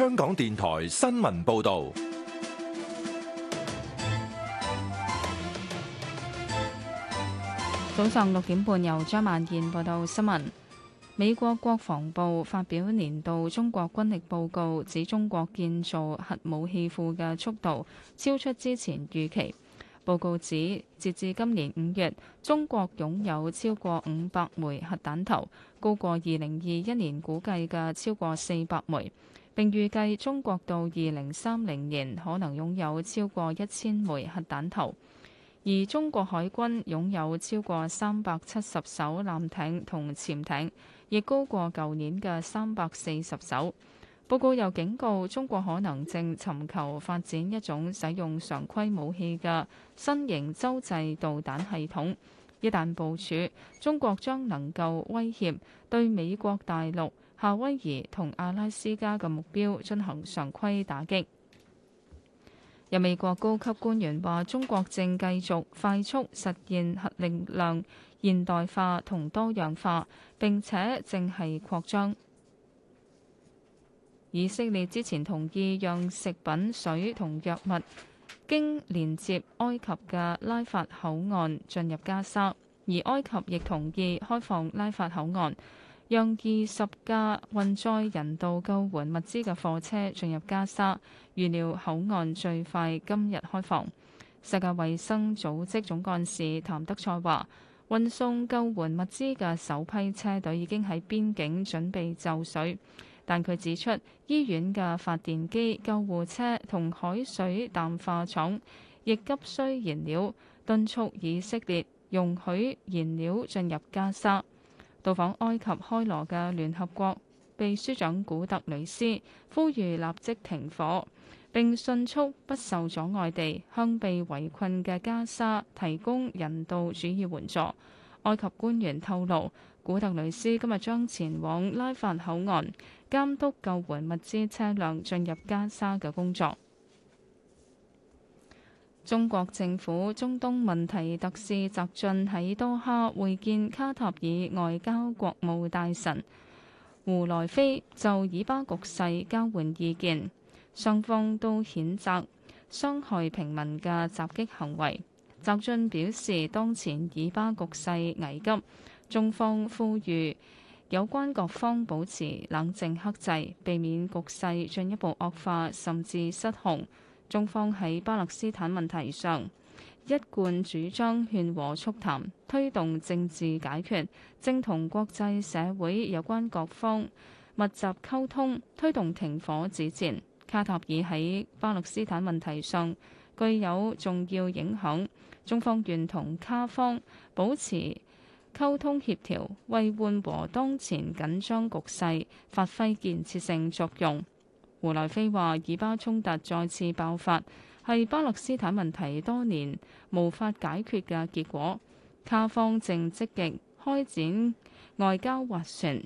香港電台新聞報道，早上六點半由張曼燕報道新聞。美國國防部發表年度中國軍力報告，指中國建造核武器庫嘅速度超出之前預期。報告指，截至今年五月，中國擁有超過五百枚核彈頭，高過二零二一年估計嘅超過四百枚。並預計中國到二零三零年可能擁有超過一千枚核彈頭，而中國海軍擁有超過三百七十艘艦艇同潛艇，亦高過舊年嘅三百四十艘。報告又警告中國可能正尋求發展一種使用常規武器嘅新型洲際導彈系統，一旦部署，中國將能夠威脅對美國大陸、夏威夷同阿拉斯加嘅目標進行常規打擊。有美國高級官員話：中國正繼續快速實現核力量現代化同多樣化，並且正係擴張。以色列之前同意讓食品、水同藥物經連接埃及嘅拉法口岸進入加沙，而埃及亦同意開放拉法口岸。讓二十架運載人道救援物資嘅貨車進入加沙，預料口岸最快今日開放。世界衛生組織總幹事譚德塞話，運送救援物資嘅首批車隊已經喺邊境準備就緒，但佢指出，醫院嘅發電機、救護車同海水淡化廠亦急需燃料，敦促以色列容許燃料進入加沙。到訪埃及開羅嘅聯合國秘書長古特雷斯呼籲立即停火，並迅速不受阻礙地向被圍困嘅加沙提供人道主義援助。埃及官員透露，古特雷斯今日將前往拉法口岸監督救援物資車輛進入加沙嘅工作。中國政府中東問題特使習俊喺多哈會見卡塔爾外交國務大臣胡來菲，就以巴局勢交換意見，雙方都譴責傷害平民嘅襲擊行為。習俊表示，當前以巴局勢危急，中方呼籲有關各方保持冷靜克制，避免局勢進一步惡化，甚至失控。中方喺巴勒斯坦問題上，一貫主張勸和促談，推動政治解決，正同國際社會有關各方密集溝通，推動停火止戰。卡塔爾喺巴勒斯坦問題上具有重要影響，中方願同卡方保持溝通協調，為緩和當前緊張局勢發揮建設性作用。胡來菲話，以巴衝突再次爆發，係巴勒斯坦問題多年無法解決嘅結果。卡方正積極開展外交斡旋，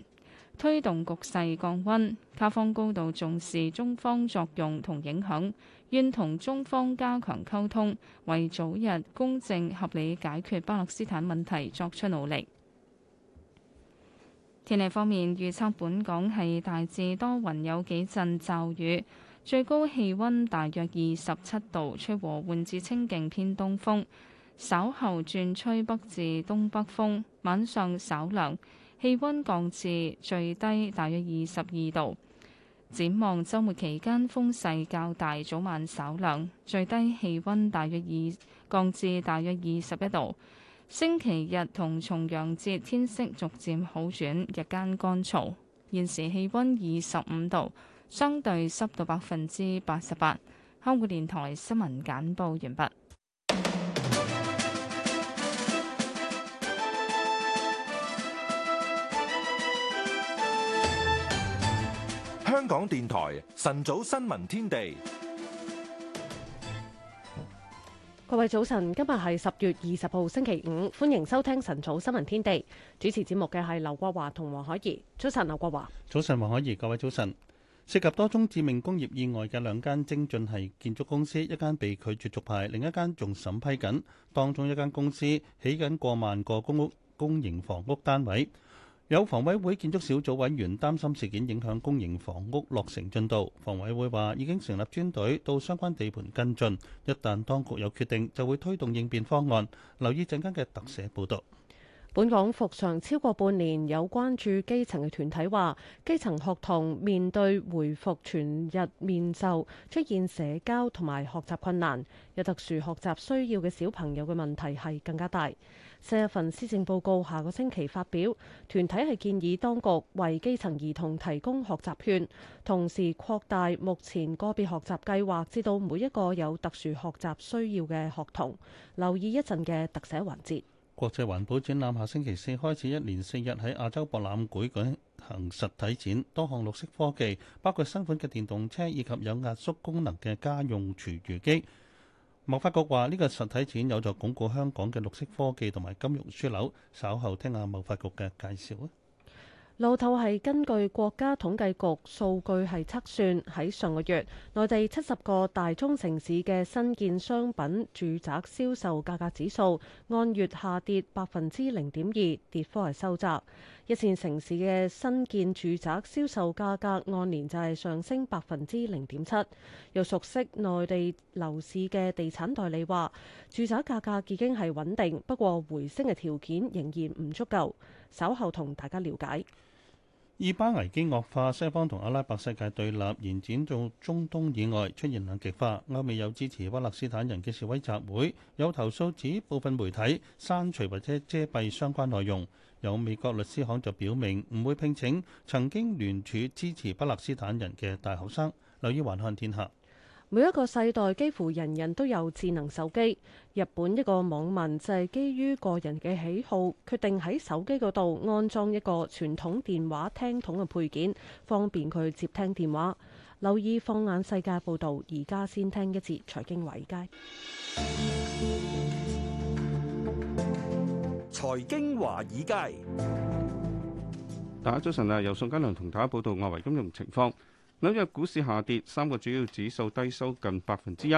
推動局勢降温。卡方高度重視中方作用同影響，願同中方加強溝通，為早日公正合理解決巴勒斯坦問題作出努力。天氣方面預測，本港係大致多雲，有幾陣驟雨，最高氣溫大約二十七度，吹和緩至清勁偏東風，稍後轉吹北至東北風，晚上稍涼，氣溫降至最低大約二十二度。展望週末期間風勢較大，早晚稍涼，最低氣溫大約二降至大約二十一度。星期日同重陽節天色逐漸好轉，日間乾燥。現時氣温二十五度，相對濕度百分之八十八。香港電台新聞簡報完畢。香港電台晨早新聞天地。各位早晨，今日係十月二十號星期五，歡迎收聽晨早新聞天地。主持節目嘅係劉國華同黃海怡。早晨，劉國華。早晨，黃海怡。各位早晨。涉及多宗致命工業意外嘅兩間精進系建築公司，一間被拒絕續牌，另一間仲審批緊。當中一間公司起緊過萬個公屋公營房屋單位。有房委會建築小組委員擔心事件影響公營房屋落成進度，房委會話已經成立專隊到相關地盤跟進，一旦當局有決定就會推動應變方案。留意陣間嘅特寫報導。本港復常超過半年，有關注基層嘅團體話，基層學童面對回復全日面授出現社交同埋學習困難，有特殊學習需要嘅小朋友嘅問題係更加大。四份施政報告下個星期發表，團體係建議當局為基層兒童提供學習券，同時擴大目前個別學習計劃至到每一個有特殊學習需要嘅學童。留意一陣嘅特寫環節。國際環保展覽下星期四開始，一連四日喺亞洲博覽館舉行實體展，多項綠色科技，包括新款嘅電動車以及有壓縮功能嘅家用廚餘機。貿發局話呢個實體展有助鞏固香港嘅綠色科技同埋金融樞紐。稍後聽下貿發局嘅介紹啊。路透係根據國家統計局數據係測算，喺上個月內地七十個大中城市嘅新建商品住宅銷售價格指數按月下跌百分之零點二，跌幅係收窄。一線城市嘅新建住宅銷售價格按年就係上升百分之零點七。有熟悉內地樓市嘅地產代理話，住宅價格已經係穩定，不過回升嘅條件仍然唔足夠。稍後同大家了解。以巴危機惡化，西方同阿拉伯世界對立，延展到中東以外，出現兩極化。歐美有支持巴勒斯坦人嘅示威集會，有投訴指部分媒體刪除或者遮蔽相關內容。有美國律師行就表明唔會聘請曾經聯署支持巴勒斯坦人嘅大學生。留意《環看天下》。每一個世代幾乎人人都有智能手機。日本一個網民就係基於個人嘅喜好，決定喺手機嗰度安裝一個傳統電話聽筒嘅配件，方便佢接聽電話。留意《放眼世界》報導，而家先聽一節財經為佳。財經華爾街，大家早晨啊！由宋嘉良同大家報道外圍金融情況。紐約股市下跌，三個主要指數低收近百分之一。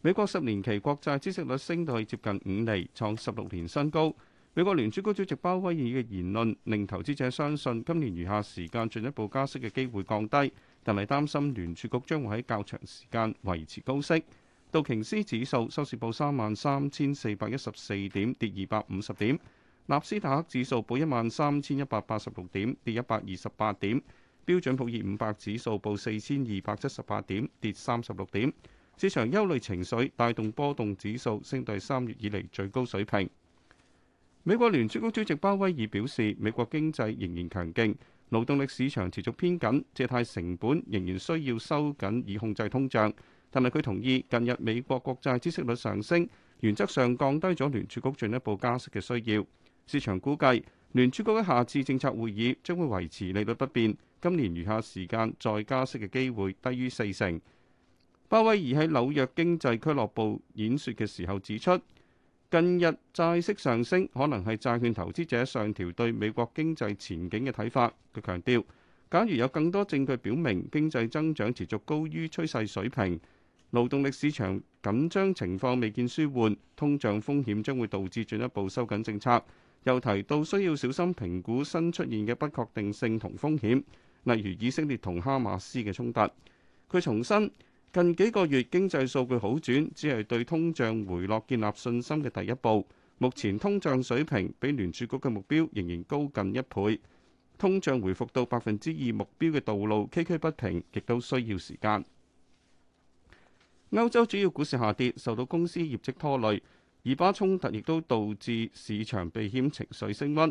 美國十年期國債孳息率升到接近五厘，創十六年新高。美國聯儲局主席鮑威爾嘅言論令投資者相信，今年餘下時間進一步加息嘅機會降低，但係擔心聯儲局將會喺較長時間維持高息。道瓊斯指數收市報三萬三千四百一十四點，跌二百五十點。納斯達克指數報一萬三千一百八十六點，跌一百二十八點；標準普爾五百指數報四千二百七十八點，跌三十六點。市場憂慮情緒帶動波動指數升到三月以嚟最高水平。美國聯儲局主席鮑威爾表示，美國經濟仍然強勁，勞動力市場持續偏緊，借貸成本仍然需要收緊，以控制通脹。但係佢同意，近日美國國債孳息率上升，原則上降低咗聯儲局進一步加息嘅需要。市場估計聯儲局嘅下次政策會議將會維持利率不變，今年餘下時間再加息嘅機會低於四成。鮑威爾喺紐約經濟俱樂部演說嘅時候指出，近日債息上升可能係債券投資者上調對美國經濟前景嘅睇法。佢強調，假如有更多證據表明經濟增長持續高於趨勢水平，勞動力市場緊張情況未見舒緩，通脹風險將會導致進一步收緊政策。又提到需要小心評估新出現嘅不確定性同風險，例如以色列同哈馬斯嘅衝突。佢重申，近幾個月經濟數據好轉只係對通脹回落建立信心嘅第一步。目前通脹水平比聯儲局嘅目標仍然高近一倍，通脹回復到百分之二目標嘅道路崎嶇不平，亦都需要時間。歐洲主要股市下跌，受到公司業績拖累。以巴衝突亦都導致市場避險情緒升溫。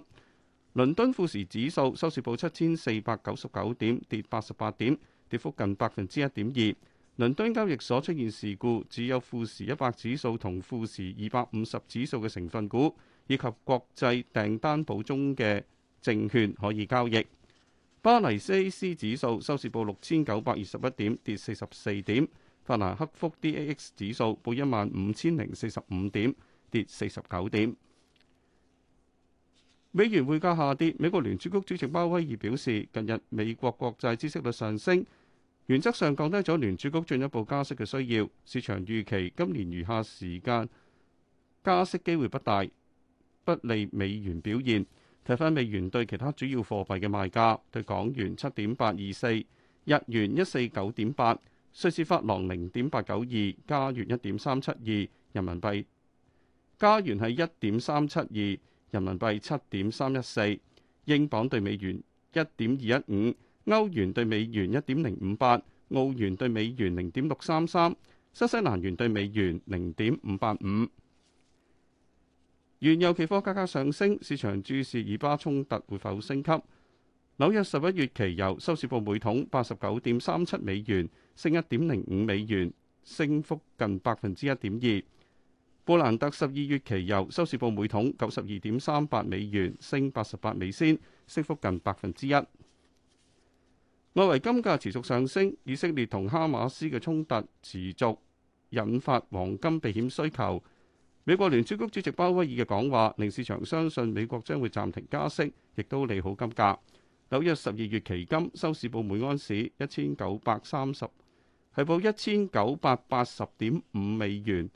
倫敦富時指數收市報七千四百九十九點，跌八十八點，跌幅近百分之一點二。倫敦交易所出現事故，只有富時一百指數同富時二百五十指數嘅成分股以及國際訂單簿中嘅證券可以交易。巴黎 CAC 指數收市報六千九百二十一點，跌四十四點。法蘭克福 DAX 指數報一萬五千零四十五點，跌四十九點。美元匯價下跌，美國聯儲局主席鮑威爾表示，近日美國國債孳息率上升，原則上降低咗聯儲局進一步加息嘅需要。市場預期今年餘下時間加息機會不大，不利美元表現。睇翻美元對其他主要貨幣嘅賣價，對港元七點八二四，日元一四九點八。瑞士法郎零點八九二，加元一點三七二，人民幣，加元係一點三七二，人民幣七點三一四，英鎊對美元一點二一五，歐元對美元一點零五八，澳元對美元零點六三三，新西蘭元對美元零點五八五。原油期貨價格上升，市場注視以巴衝突會否升級。紐約十一月期油收市報每桶八十九點三七美元。1> 升一點零五美元，升幅近百分之一點二。布蘭特十二月期油收市報每桶九十二點三八美元，升八十八美仙，升幅近百分之一。外圍金價持續上升，以色列同哈馬斯嘅衝突持續引發黃金避險需求。美國聯儲局主席鮑威爾嘅講話令市場相信美國將會暫停加息，亦都利好金價。紐約十二月期金收市報每安市一千九百三十。係報一千九百八十點五美元，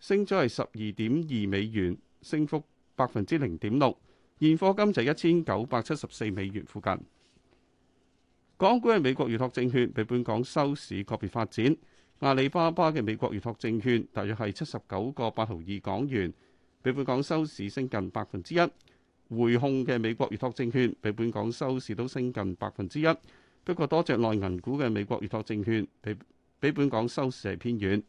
升咗係十二點二美元，升幅百分之零點六。現貨金就一千九百七十四美元附近。港股嘅美國預託證券，比本港收市個別發展。阿里巴巴嘅美國預託證券大約係七十九個八毫二港元，比本港收市升近百分之一。匯控嘅美國預託證券，比本港收市都升近百分之一。不過，多隻內銀股嘅美國預託證券比比本港收市係偏軟。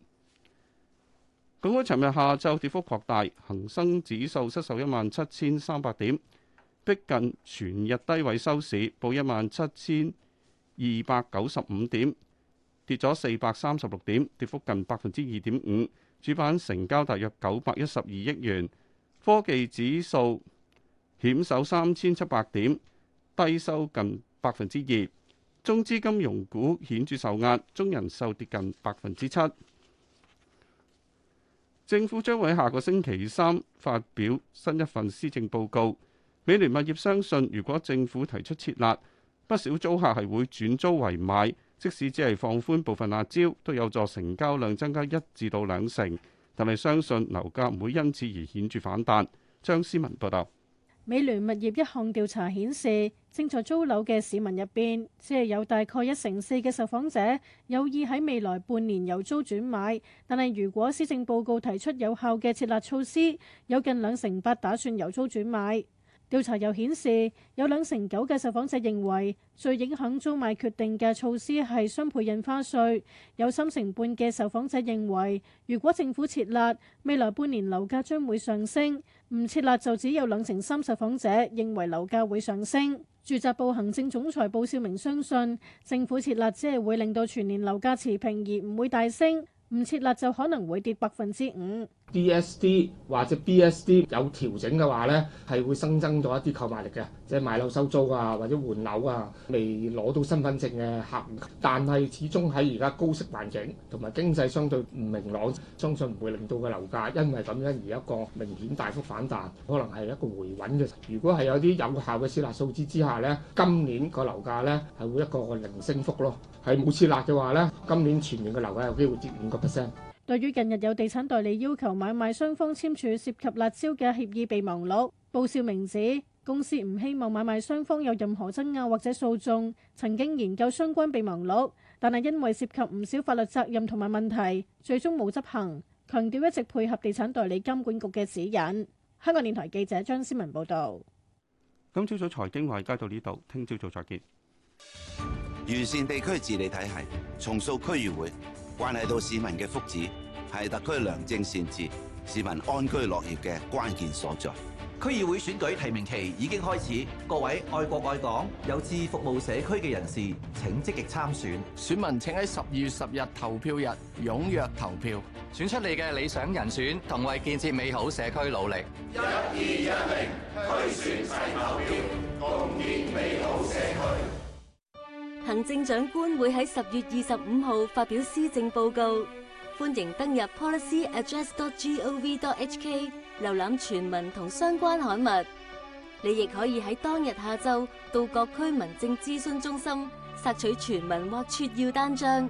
港股尋日下晝跌幅擴大，恒生指數失守一萬七千三百點，逼近全日低位收市，報一萬七千二百九十五點，跌咗四百三十六點，跌幅近百分之二點五。主板成交大約九百一十二億元，科技指數險守三千七百點，低收近百分之二。中資金融股顯著受壓，中人壽跌近百分之七。政府將會下個星期三發表新一份施政報告。美聯物業相信，如果政府提出設立不少租客係會轉租為買，即使只係放寬部分辣招，都有助成交量增加一至到兩成。但係相信樓價唔會因此而顯著反彈。張思文報道。美聯物業一項調查顯示，正在租樓嘅市民入邊，只係有大概一成四嘅受訪者有意喺未來半年由租轉買。但係，如果施政報告提出有效嘅設立措施，有近兩成八打算由租轉買。調查又顯示，有兩成九嘅受訪者認為最影響租賣決定嘅措施係雙倍印花稅。有三成半嘅受訪者認為，如果政府設立未來半年樓價將會上升。唔設立就只有兩成三受訪者認為樓價會上升。住宅部行政總裁報少明相信，政府設立只係會令到全年樓價持平，而唔會大升。唔設立就可能會跌百分之五。DSD 或者 BSD 有調整嘅話呢係會新增咗一啲購買力嘅，即係買樓收租啊或者換樓啊，未攞到身份證嘅客。但係始終喺而家高息環境同埋經濟相對唔明朗，相信唔會令到個樓價因為咁樣而一個明顯大幅反彈，可能係一個回穩嘅。如果係有啲有效嘅設立數字之下呢，今年個樓價呢係會一個零升幅咯。係冇設立嘅話呢，今年全年嘅樓價有機會跌五。對於近日有地產代理要求買賣雙方簽署涉及辣椒嘅協議備忘錄，報銷明指公司唔希望買賣雙方有任何爭拗或者訴訟。曾經研究相關備忘錄，但係因為涉及唔少法律責任同埋問題，最終冇執行。強調一直配合地產代理監管局嘅指引。香港電台記者張思文報道：「今朝早財經話題到呢度，聽朝早再見。完善地區治理體系，重塑區議會。關係到市民嘅福祉，係特區良政善治、市民安居樂業嘅關鍵所在。區議會選舉提名期已經開始，各位愛國愛港、有志服務社區嘅人士，請積極參選。選民請喺十二月十日投票日踴躍投票，選出你嘅理想人選，同為建設美好社區努力。一二一零，區選齊投票，共建美好社區。行政長官會喺十月二十五號發表施政報告，歡迎登入 policyaddress.gov.hk 瀏覽全文同相關刊物。你亦可以喺當日下晝到各區民政諮詢中心索取全文或撮要單張。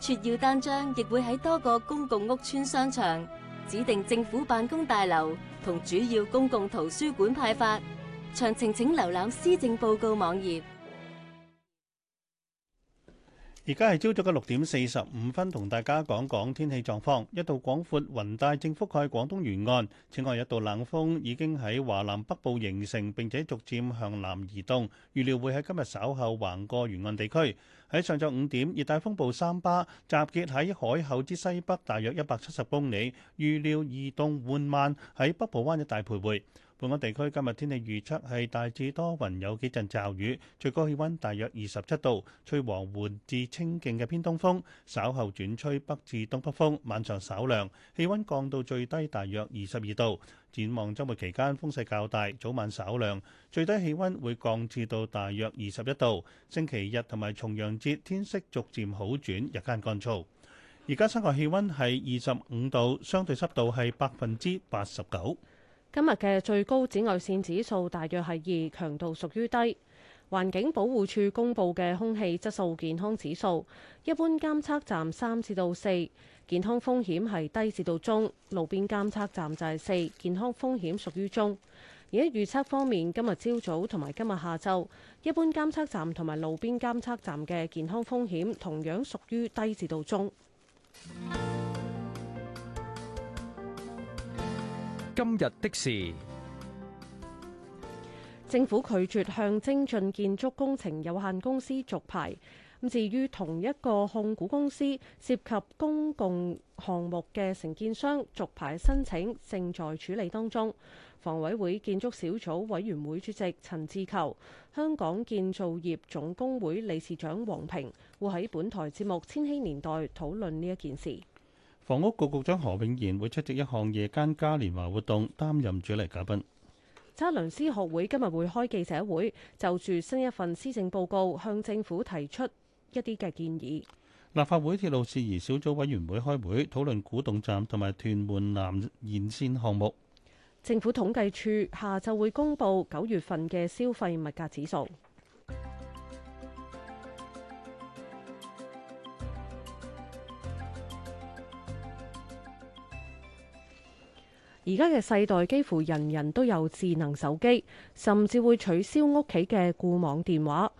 撮要單張亦會喺多個公共屋邨商場、指定政府辦公大樓同主要公共圖書館派發。詳情請瀏覽施政報告網頁。而家係朝早嘅六點四十五分，同大家講講天氣狀況。一道廣闊雲帶正覆蓋廣東沿岸，此外一道冷鋒已經喺華南北部形成，並且逐漸向南移動。預料會喺今日稍後橫過沿岸地區。喺上晝五點，熱帶風暴三巴集結喺海口之西北大約一百七十公里，預料移動緩慢喺北部灣一帶徘徊。本港地區今日天氣預測係大致多雲有幾陣驟雨，最高氣溫大約二十七度，吹和緩至清勁嘅偏東風，稍後轉吹北至東北風，晚上稍涼，氣溫降到最低大約二十二度。展望週末期間風勢較大，早晚稍涼，最低氣溫會降至到大約二十一度。星期日同埋重陽節天色逐漸好轉，日間乾燥。而家室外氣溫係二十五度，相對濕度係百分之八十九。今日嘅最高紫外線指數大約係二，強度屬於低。環境保護署公布嘅空氣質素健康指數，一般監測站三至到四，健康風險係低至到中；路邊監測站就係四，健康風險屬於中。而喺預測方面，今日朝早同埋今日下晝，一般監測站同埋路邊監測站嘅健康風險同樣屬於低至到中。今日的事，政府拒絕向精進建築工程有限公司續牌。咁至於同一個控股公司涉及公共項目嘅承建商續牌申請，正在處理當中。房委會建築小組委員會主席陳志求、香港建造業總工會理事長黃平會喺本台節目《千禧年代》討論呢一件事。房屋局局長何永賢會出席一項夜間嘉年華活動，擔任主禮嘉賓。測量師學會今日會開記者會，就住新一份施政報告向政府提出一啲嘅建議。立法會鐵路事宜小組委員會開會討論古洞站同埋屯門南延線項目。政府統計處下晝會公布九月份嘅消費物價指數。而家嘅世代，幾乎人人都有智能手機，甚至會取消屋企嘅固網電話。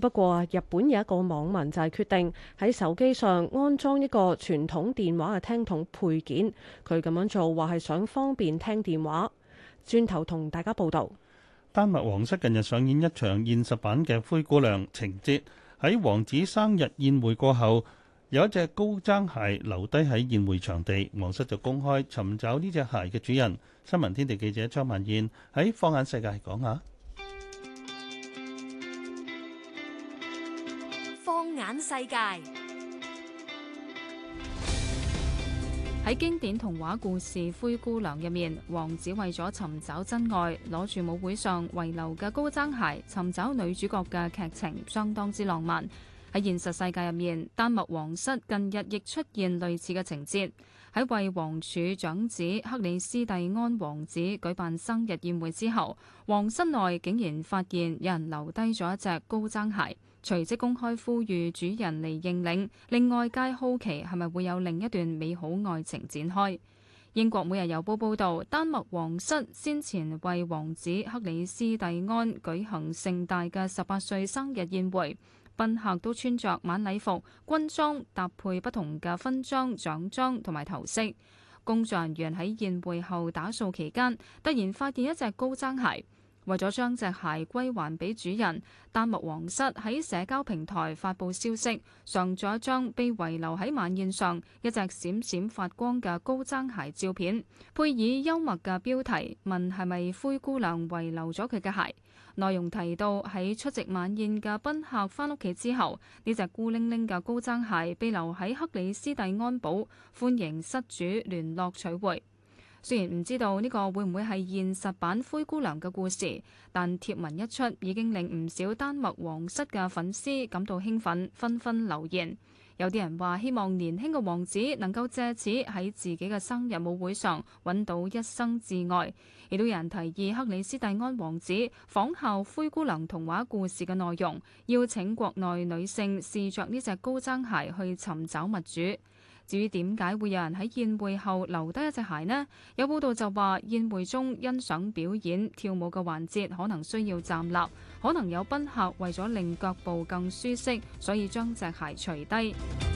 不過，日本有一個網民就係決定喺手機上安裝一個傳統電話嘅聽筒配件。佢咁樣做，話係想方便聽電話。轉頭同大家報道，丹麥王室近日上演一場現實版嘅灰姑娘情節。喺王子生日宴會過後，有一隻高踭鞋留低喺宴會場地，王室就公開尋找呢隻鞋嘅主人。新聞天地記者張文燕喺《放眼世界》講下，《放眼世界》喺經典童話故事《灰姑娘》入面，王子為咗尋找真愛，攞住舞會上遺留嘅高踭鞋尋找女主角嘅劇情，相當之浪漫。喺現實世界入面，丹麥皇室近日亦出現類似嘅情節。喺為皇儲長子克里斯蒂安王子舉辦生日宴會之後，皇室內竟然發現有人留低咗一隻高踭鞋，隨即公開呼籲主人嚟認領，令外界好奇係咪會有另一段美好愛情展開。英國每日郵報報道，丹麥皇室先前為王子克里斯蒂安舉行盛大嘅十八歲生日宴會。賓客都穿着晚禮服、軍裝，搭配不同嘅分裝、獎章同埋頭飾。工作人員喺宴會後打掃期間，突然發現一隻高踭鞋。為咗將隻鞋歸還俾主人，丹麥皇室喺社交平台發布消息，上咗一張被遺留喺晚宴上一隻閃閃發光嘅高踭鞋照片，配以幽默嘅標題問係咪灰姑娘遺留咗佢嘅鞋。內容提到喺出席晚宴嘅賓客翻屋企之後，呢隻孤零零嘅高踭鞋被留喺克里斯蒂安堡，歡迎失主聯絡取回。雖然唔知道呢個會唔會係現實版灰姑娘嘅故事，但貼文一出已經令唔少丹麥皇室嘅粉絲感到興奮，紛紛留言。有啲人話希望年輕嘅王子能夠借此喺自己嘅生日舞會上揾到一生摯愛，亦都有人提議克里斯蒂安王子仿效灰姑娘童話故事嘅內容，邀請國內女性試着呢隻高踭鞋去尋找物主。至於點解會有人喺宴會後留低一隻鞋呢？有報道就話宴會中欣賞表演、跳舞嘅環節可能需要站立，可能有賓客為咗令腳部更舒適，所以將隻鞋除低。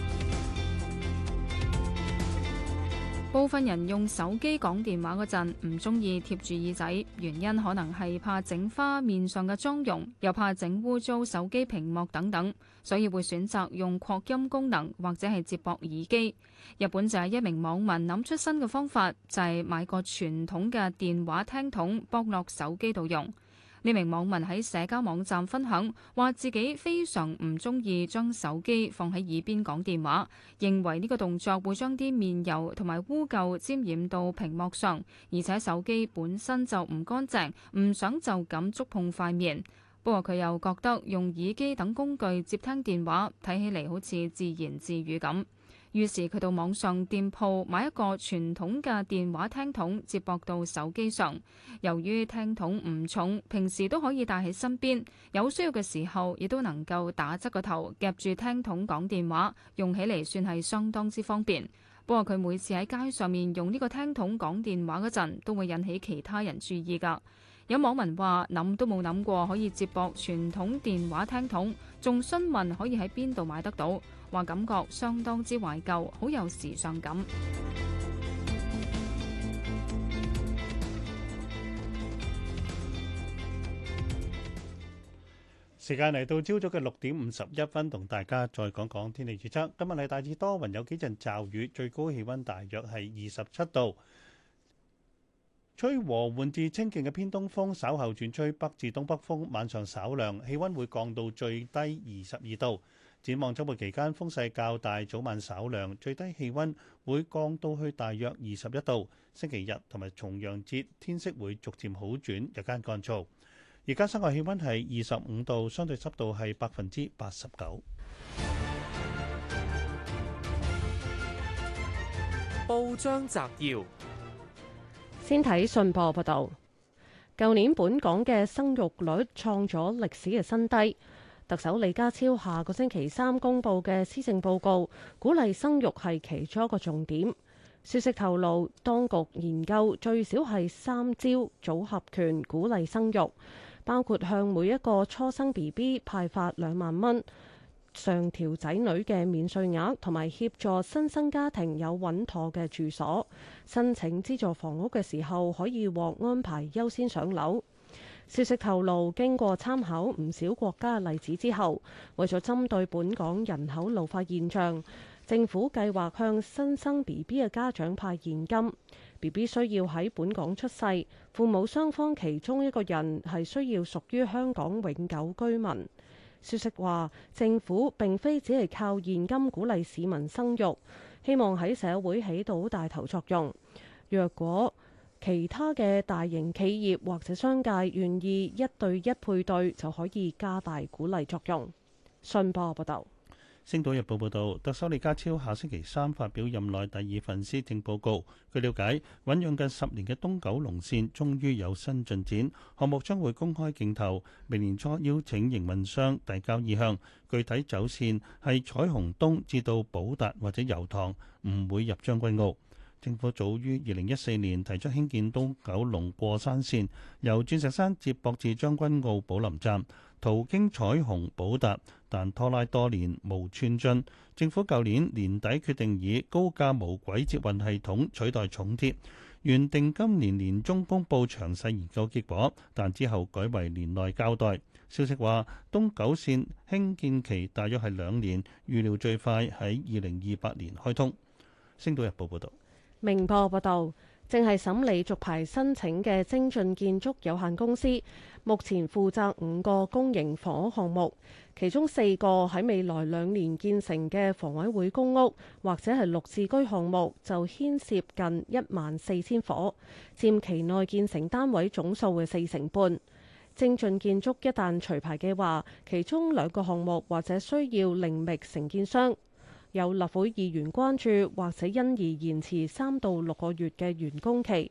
部分人用手機講電話嗰陣唔中意貼住耳仔，原因可能係怕整花面上嘅妝容，又怕整污糟手機屏幕等等，所以會選擇用擴音功能或者係接駁耳機。日本就係一名網民諗出新嘅方法，就係、是、買個傳統嘅電話聽筒，駁落手機度用。呢名網民喺社交網站分享，話自己非常唔中意將手機放喺耳邊講電話，認為呢個動作會將啲面油同埋污垢沾染到屏幕上，而且手機本身就唔乾淨，唔想就咁觸碰塊面。不過佢又覺得用耳機等工具接聽電話，睇起嚟好似自言自語咁。於是佢到網上店鋪買一個傳統嘅電話聽筒，接駁到手機上。由於聽筒唔重，平時都可以帶喺身邊，有需要嘅時候亦都能夠打側個頭夾住聽筒講電話，用起嚟算係相當之方便。不過佢每次喺街上面用呢個聽筒講電話嗰陣，都會引起其他人注意㗎。有網民話：諗都冇諗過可以接駁傳統電話聽筒，仲詢問可以喺邊度買得到。話感覺相當之懷舊，好有時尚感。時間嚟到朝早嘅六點五十一分，同大家再講講天氣預測。今日係大致多雲，有幾陣驟雨，最高氣溫大約係二十七度，吹和緩至清勁嘅偏東風，稍後轉吹北至東北風，晚上稍涼，氣溫會降到最低二十二度。展望週末期間風勢較大，早晚稍涼，最低氣温會降到去大約二十一度。星期日同埋重陽節天色會逐漸好轉，日間乾燥。而家室外氣温係二十五度，相對濕度係百分之八十九。報章摘要：先睇信報報導，舊年本港嘅生育率創咗歷史嘅新低。特首李家超下個星期三公布嘅施政報告，鼓勵生育係其中一個重點。消息透露，當局研究最少係三招組合拳鼓勵生育，包括向每一個初生 BB 派發兩萬蚊，上調仔女嘅免稅額，同埋協助新生家庭有穩妥嘅住所。申請資助房屋嘅時候，可以獲安排優先上樓。消息透露，經過參考唔少國家嘅例子之後，為咗針對本港人口老化現象，政府計劃向新生 BB 嘅家長派現金。BB 需要喺本港出世，父母雙方其中一個人係需要屬於香港永久居民。消息話，政府並非只係靠現金鼓勵市民生育，希望喺社會起到帶頭作用。若果其他嘅大型企業或者商界願意一對一配對，就可以加大鼓勵作用。信報報道，星島日報報道，特首李家超下星期三發表任內第二份施政報告。據了解，醞釀近十年嘅東九龍線終於有新進展，項目將會公開競投，明年初邀請營運商遞交意向。具體走線係彩虹東至到寶達或者油塘，唔會入將軍澳。政府早於二零一四年提出興建東九龍過山線，由鑽石山接駁至將軍澳寶林站，途經彩虹、寶達，但拖拉多年無寸進。政府舊年年底決定以高架無軌捷運系統取代重鐵，原定今年年中公布詳細研究結果，但之後改為年內交代。消息話，東九線興建期大約係兩年，預料最快喺二零二八年開通。星島日報報導。明報報道，正係審理續牌申請嘅精進建築有限公司，目前負責五個公營房屋項目，其中四個喺未來兩年建成嘅房委會公屋或者係綠置居項目，就牽涉近一萬四千伙，佔期內建成單位總數嘅四成半。精進建築一旦除牌嘅話，其中兩個項目或者需要另覓承建商。有立法議員關注，或者因而延遲三到六個月嘅完工期。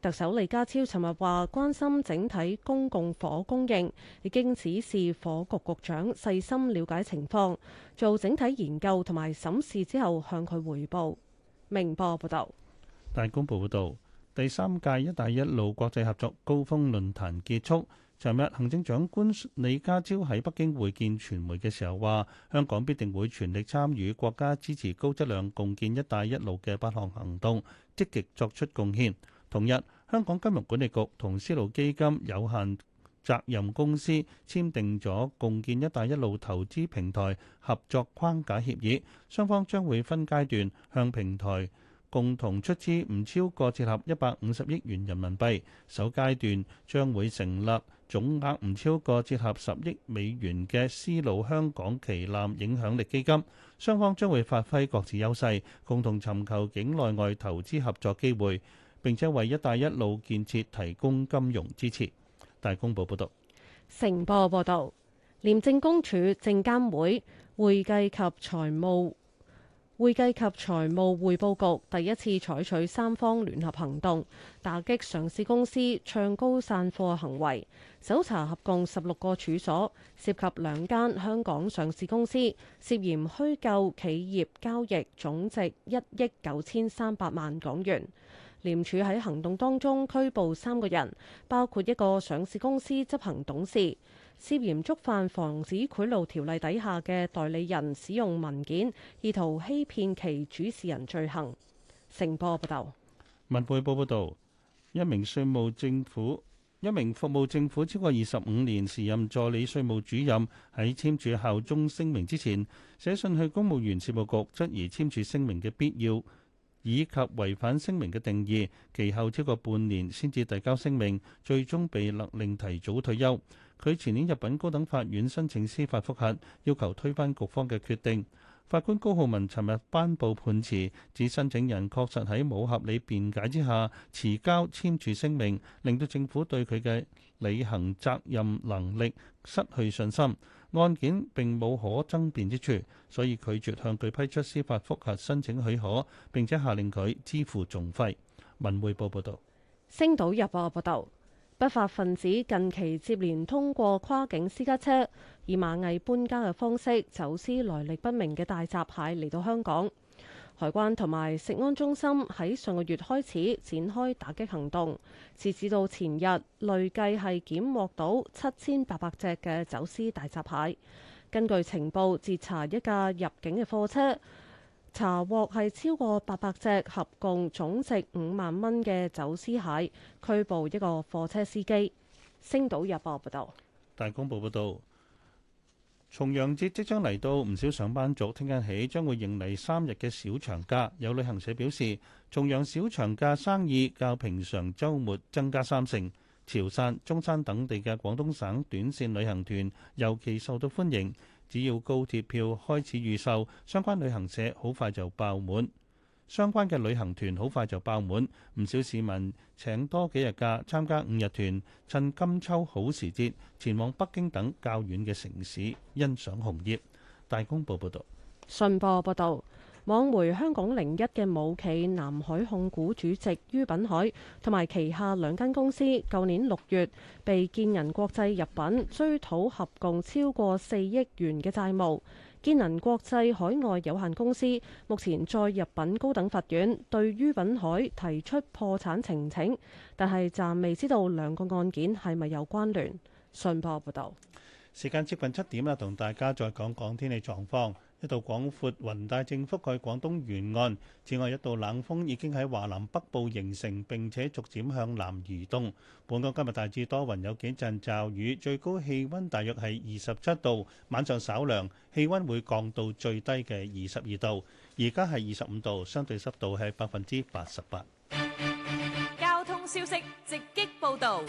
特首李家超尋日話關心整體公共火供應，已經指示火局局長細心了解情況，做整體研究同埋審視之後向佢彙報。明報報道,但報道：大公報報導，第三屆一帶一路國際合作高峰論壇結束。昨日，行政長官李家超喺北京會見傳媒嘅時候話：香港必定會全力參與國家支持高質量共建「一帶一路」嘅八項行動，積極作出貢獻。同日，香港金融管理局同絲路基金有限責任公司簽訂咗共建「一帶一路」投資平台合作框架協議，雙方將會分階段向平台共同出資，唔超過折合一百五十億元人民幣。首階段將會成立。總額唔超過折合十億美元嘅絲路香港旗艦影響力基金，雙方將會發揮各自優勢，共同尋求境內外投資合作機會，並且為一帶一路建設提供金融支持。大公報報道，成報報道，廉政公署、證監會、會計及財務。會計及財務匯報局第一次採取三方聯合行動，打擊上市公司唱高散貨行為，搜查合共十六個處所，涉及兩間香港上市公司，涉嫌虛構企業交易總值一億九千三百萬港元。廉署喺行動當中拘捕三個人，包括一個上市公司執行董事。涉嫌觸犯防止賄賂條例底下嘅代理人使用文件，意圖欺騙其主事人罪行。成哥報道，《文匯報》報道，一名稅務政府一名服務政府超過二十五年，時任助理稅務主任喺簽署效忠聲明之前，寫信去公務員事務局質疑簽署聲明嘅必要，以及違反聲明嘅定義。其後超過半年先至提交聲明，最終被勒令提早退休。佢前年入稟高等法院申請司法覆核要求推翻局方嘅決定。法官高浩文尋日頒布判詞，指申請人確實喺冇合理辯解之下，遲交簽署聲明，令到政府對佢嘅履行責任能力失去信心。案件並冇可爭辯之處，所以拒絕向佢批出司法覆核申請許可，並且下令佢支付訟費。文匯報報道，星島日報報道。不法分子近期接連通過跨境私家車以螞蟻搬家嘅方式走私來歷不明嘅大閘蟹嚟到香港。海關同埋食安中心喺上個月開始展開打擊行動，截止到前日，累計係檢獲到七千八百隻嘅走私大閘蟹。根據情報，截查一架入境嘅貨車。查獲係超過八百隻，合共總值五萬蚊嘅走私蟹，拘捕一個貨車司機。星島日報報道。大公報報道，重陽節即將嚟到，唔少上班族聽日起將會迎嚟三日嘅小長假。有旅行社表示，重陽小長假生意較平常週末增加三成。潮汕、中山等地嘅廣東省短線旅行團尤其受到歡迎。只要高鐵票開始預售，相關旅行社好快就爆滿，相關嘅旅行團好快就爆滿。唔少市民請多幾日假參加五日團，趁今秋好時節前往北京等較遠嘅城市欣賞紅葉。大公報報道。信報報導。往回香港零一嘅母企南海控股主席于品海，同埋旗下兩間公司，舊年六月被建銀國際入稟追討合共超過四億元嘅債務。建銀國際海外有限公司目前再入稟高等法院，對于品海提出破產呈請，但係暫未知道兩個案件係咪有關聯。信報報道。時間接近七點啦，同大家再講講天氣狀況。一道廣闊雲帶正覆蓋廣東沿岸，此外一道冷鋒已經喺華南北部形成並且逐漸向南移動。本港今日大致多雲，有幾陣驟雨，最高氣温大約係二十七度，晚上稍涼，氣温會降到最低嘅二十二度。而家係二十五度，相對濕度係百分之八十八。交通消息直擊報導。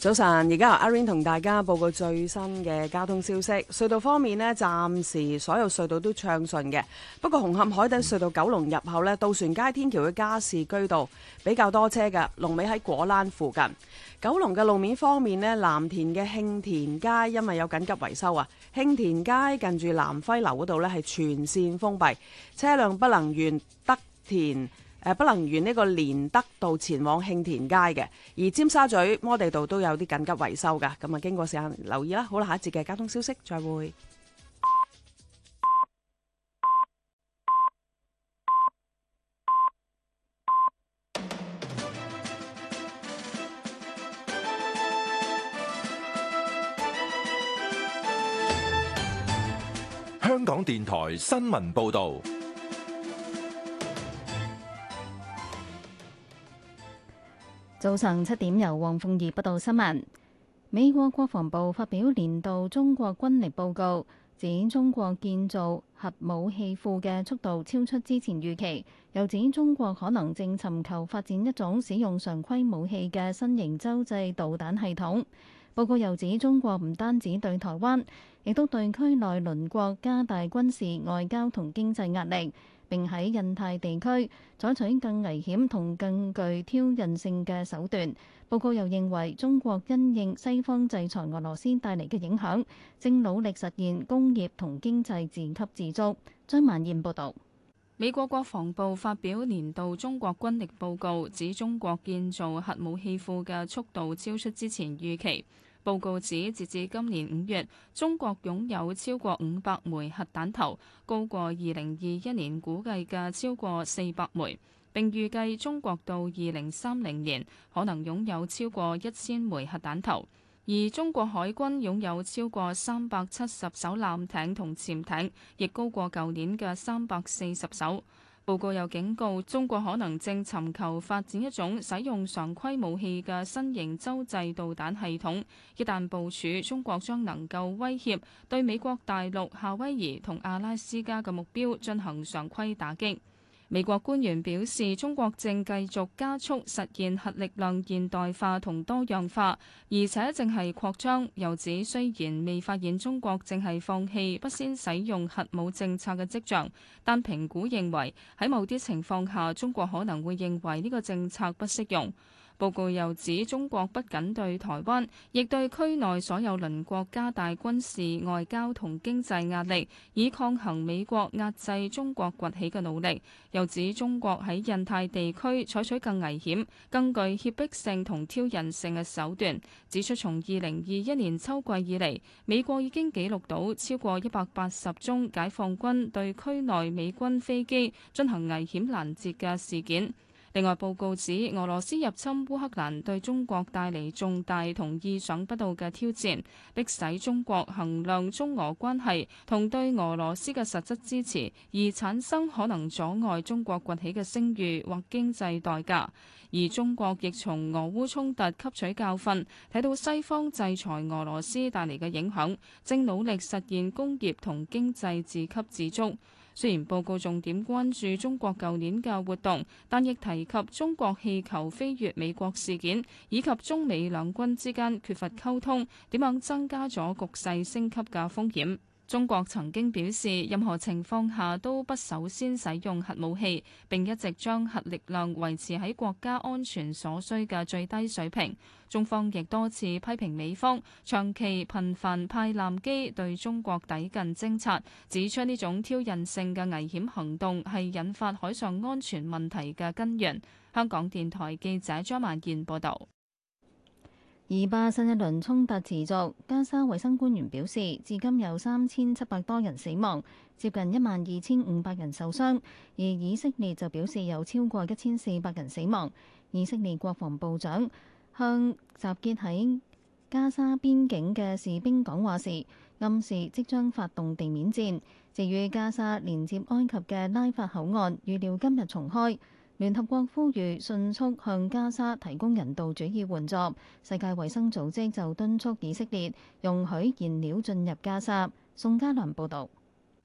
早晨，而家阿 ring 同大家報告最新嘅交通消息。隧道方面呢，暫時所有隧道都暢順嘅。不過紅磡海底隧道九龍入口呢，渡船街天橋嘅加士居道比較多車嘅，龍尾喺果欄附近。九龍嘅路面方面呢，藍田嘅興田街因為有緊急維修啊，興田街近住南輝樓嗰度呢，係全線封閉，車輛不能原德田。誒、呃，不能沿呢個連德道前往慶田街嘅，而尖沙咀摩地道都有啲緊急維修嘅，咁啊，經過時間留意啦。好啦，下一節嘅交通消息，再會。香港電台新聞報道。早上七點，由黃鳳儀報道新聞。美國國防部發表年度中國軍力報告，指中國建造核武器庫嘅速度超出之前預期，又指中國可能正尋求發展一種使用常規武器嘅新型洲際導彈系統。報告又指中國唔單止對台灣，亦都對區內鄰國加大軍事、外交同經濟壓力。並喺印太地區採取更危險同更具挑釁性嘅手段。報告又認為，中國因應西方制裁俄羅斯帶嚟嘅影響，正努力實現工業同經濟自給自足。張曼燕報導。美國國防部發表年度中國軍力報告，指中國建造核武器庫嘅速度超出之前預期。報告指，截至今年五月，中國擁有超過五百枚核彈頭，高過二零二一年估計嘅超過四百枚。並預計中國到二零三零年可能擁有超過一千枚核彈頭，而中國海軍擁有超過三百七十艘艦艇同潛艇，亦高過舊年嘅三百四十艘。報告又警告，中國可能正尋求發展一種使用常規武器嘅新型洲際導彈系統，一旦部署，中國將能夠威脅對美國大陸、夏威夷同阿拉斯加嘅目標進行常規打擊。美國官員表示，中國正繼續加速實現核力量現代化同多樣化，而且正係擴張。又指雖然未發現中國正係放棄不先使用核武政策嘅跡象，但評估認為，喺某啲情況下，中國可能會認為呢個政策不適用。報告又指，中國不僅對台灣，亦對區內所有鄰國加大軍事、外交同經濟壓力，以抗衡美國壓制中國崛起嘅努力。又指中國喺印太地區採取更危險、更具脅迫性同挑釁性嘅手段。指出從二零二一年秋季以嚟，美國已經記錄到超過一百八十宗解放軍對區內美軍飛機進行危險攔截嘅事件。另外報告指，俄羅斯入侵烏克蘭對中國帶嚟重大同意想不到嘅挑戰，迫使中國衡量中俄關係同對俄羅斯嘅實質支持，而產生可能阻礙中國崛起嘅聲譽或經濟代價。而中國亦從俄烏衝突吸取教訓，睇到西方制裁俄羅斯帶嚟嘅影響，正努力實現工業同經濟自給自足。雖然報告重點關注中國舊年嘅活動，但亦提及中國氣球飛越美國事件，以及中美兩軍之間缺乏溝通，點樣增加咗局勢升級嘅風險。中國曾經表示，任何情況下都不首先使用核武器，並一直將核力量維持喺國家安全所需嘅最低水平。中方亦多次批評美方長期頻繁派艦機對中國抵近偵察，指出呢種挑釁性嘅危險行動係引發海上安全問題嘅根源。香港電台記者張萬健報道。以巴新一輪衝突持續，加沙衛生官員表示，至今有三千七百多人死亡，接近一萬二千五百人受傷。而以色列就表示有超過一千四百人死亡。以色列國防部長向集結喺加沙邊境嘅士兵講話時，暗示即將發動地面戰。至於加沙連接埃及嘅拉法口岸，預料今日重開。聯合國呼籲迅速向加沙提供人道主義援助。世界衛生組織就敦促以色列容許燃料進入加沙。宋嘉楠報導。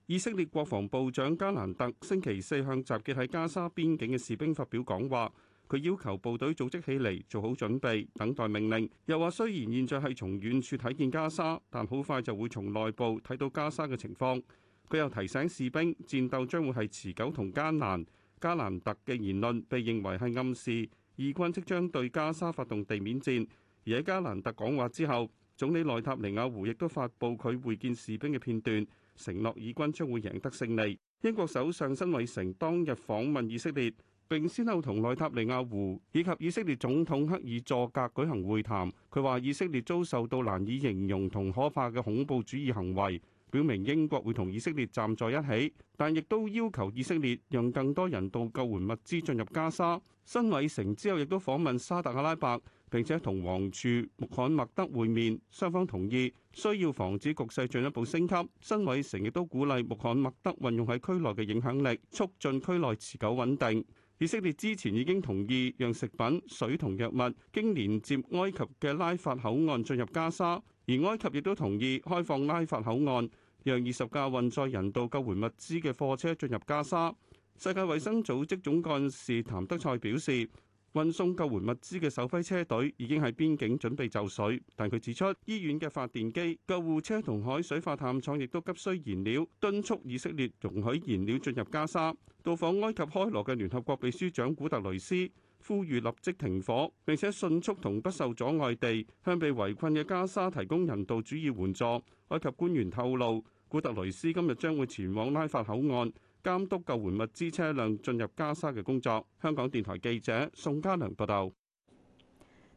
以色列國防部長加蘭特星期四向集結喺加沙邊境嘅士兵發表講話，佢要求部隊組織起嚟，做好準備，等待命令。又話雖然現在係從遠處睇見加沙，但好快就會從內部睇到加沙嘅情況。佢又提醒士兵，戰鬥將會係持久同艱難。加蘭特嘅言論被認為係暗示以軍即將對加沙發動地面戰。而喺加蘭特講話之後，總理內塔尼亞胡亦都發佈佢會見士兵嘅片段，承諾以軍將會贏得勝利。英國首相辛偉誠當日訪問以色列，並先後同內塔尼亞胡以及以色列總統克爾佐格舉行會談。佢話以色列遭受到難以形容同可怕嘅恐怖主義行為，表明英國會同以色列站在一起，但亦都要求以色列讓更多人道救援物資進入加沙。辛偉誠之後亦都訪問沙特阿拉伯，並且同王儲穆罕默德會面，雙方同意需要防止局勢進一步升級。辛偉誠亦都鼓勵穆罕默德運用喺區內嘅影響力，促進區內持久穩定。以色列之前已經同意讓食品、水同藥物經連接埃及嘅拉法口岸進入加沙。而埃及亦都同意開放拉法口岸，讓二十架運載人道救援物資嘅貨車進入加沙。世界衛生組織總幹事譚德塞表示，運送救援物資嘅首批車隊已經喺邊境準備就緒，但佢指出，醫院嘅發電機救護車同海水化淡廠亦都急需燃料，敦促以色列容許燃料進入加沙。到訪埃及開羅嘅聯合國秘書長古特雷斯，呼籲立即停火，並且迅速同不受阻礙地向被圍困嘅加沙提供人道主義援助。埃及官員透露，古特雷斯今日將會前往拉法口岸監督救援物資車輛進入加沙嘅工作。香港電台記者宋家良報道。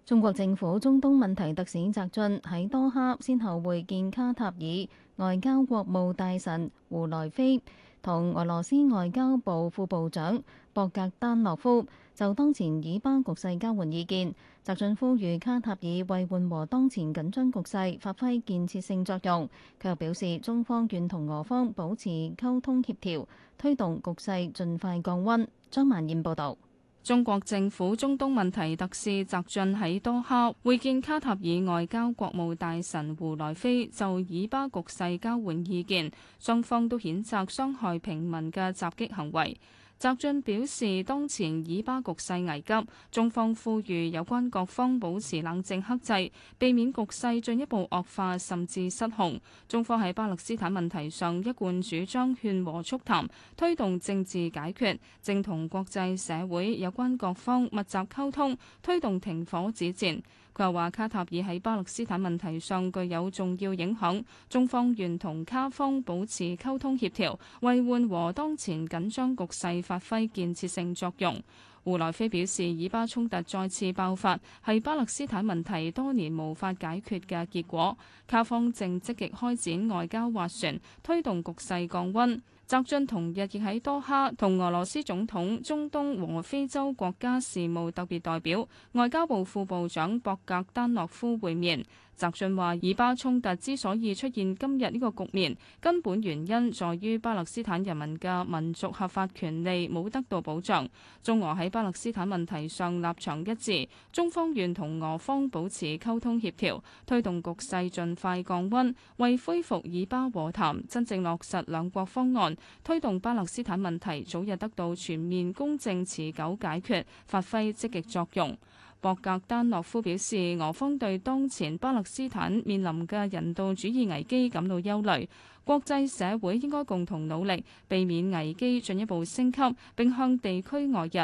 中國政府中東問題特使翟俊喺多哈先後會見卡塔爾外交國務大臣胡來菲同俄羅斯外交部副部長博格丹諾夫。就當前以巴局勢交換意見，習進呼籲卡塔爾為緩和當前緊張局勢發揮建設性作用。佢又表示，中方願同俄方保持溝通協調，推動局勢盡快降温。張曼燕報導，中國政府中東問題特使習進喺多哈會見卡塔爾外交國務大臣胡萊菲，就以巴局勢交換意見。雙方都譴責傷害平民嘅襲擊行為。習近平表示，當前以巴局勢危急，中方呼籲有關各方保持冷靜克制，避免局勢進一步惡化，甚至失控。中方喺巴勒斯坦問題上一貫主張勸和促談，推動政治解決，正同國際社會有關各方密集溝通，推動停火止戰。又話卡塔爾喺巴勒斯坦問題上具有重要影響，中方願同卡方保持溝通協調，為緩和當前緊張局勢發揮建設性作用。胡來菲表示，以巴衝突再次爆發係巴勒斯坦問題多年無法解決嘅結果，卡方正積極開展外交斡旋，推動局勢降溫。澤俊同日亦喺多哈同俄羅斯總統、中東和非洲國家事務特別代表、外交部副部長博格丹諾夫會面。習俊話：以巴衝突之所以出現今日呢個局面，根本原因在於巴勒斯坦人民嘅民族合法權利冇得到保障。中俄喺巴勒斯坦問題上立場一致，中方願同俄方保持溝通協調，推動局勢盡快降溫，為恢復以巴和談、真正落實兩國方案、推動巴勒斯坦問題早日得到全面公正持久解決發揮積極作用。博格丹諾夫表示，俄方對當前巴勒斯坦面臨嘅人道主義危機感到憂慮，國際社會應該共同努力，避免危機進一步升級，並向地區外溢，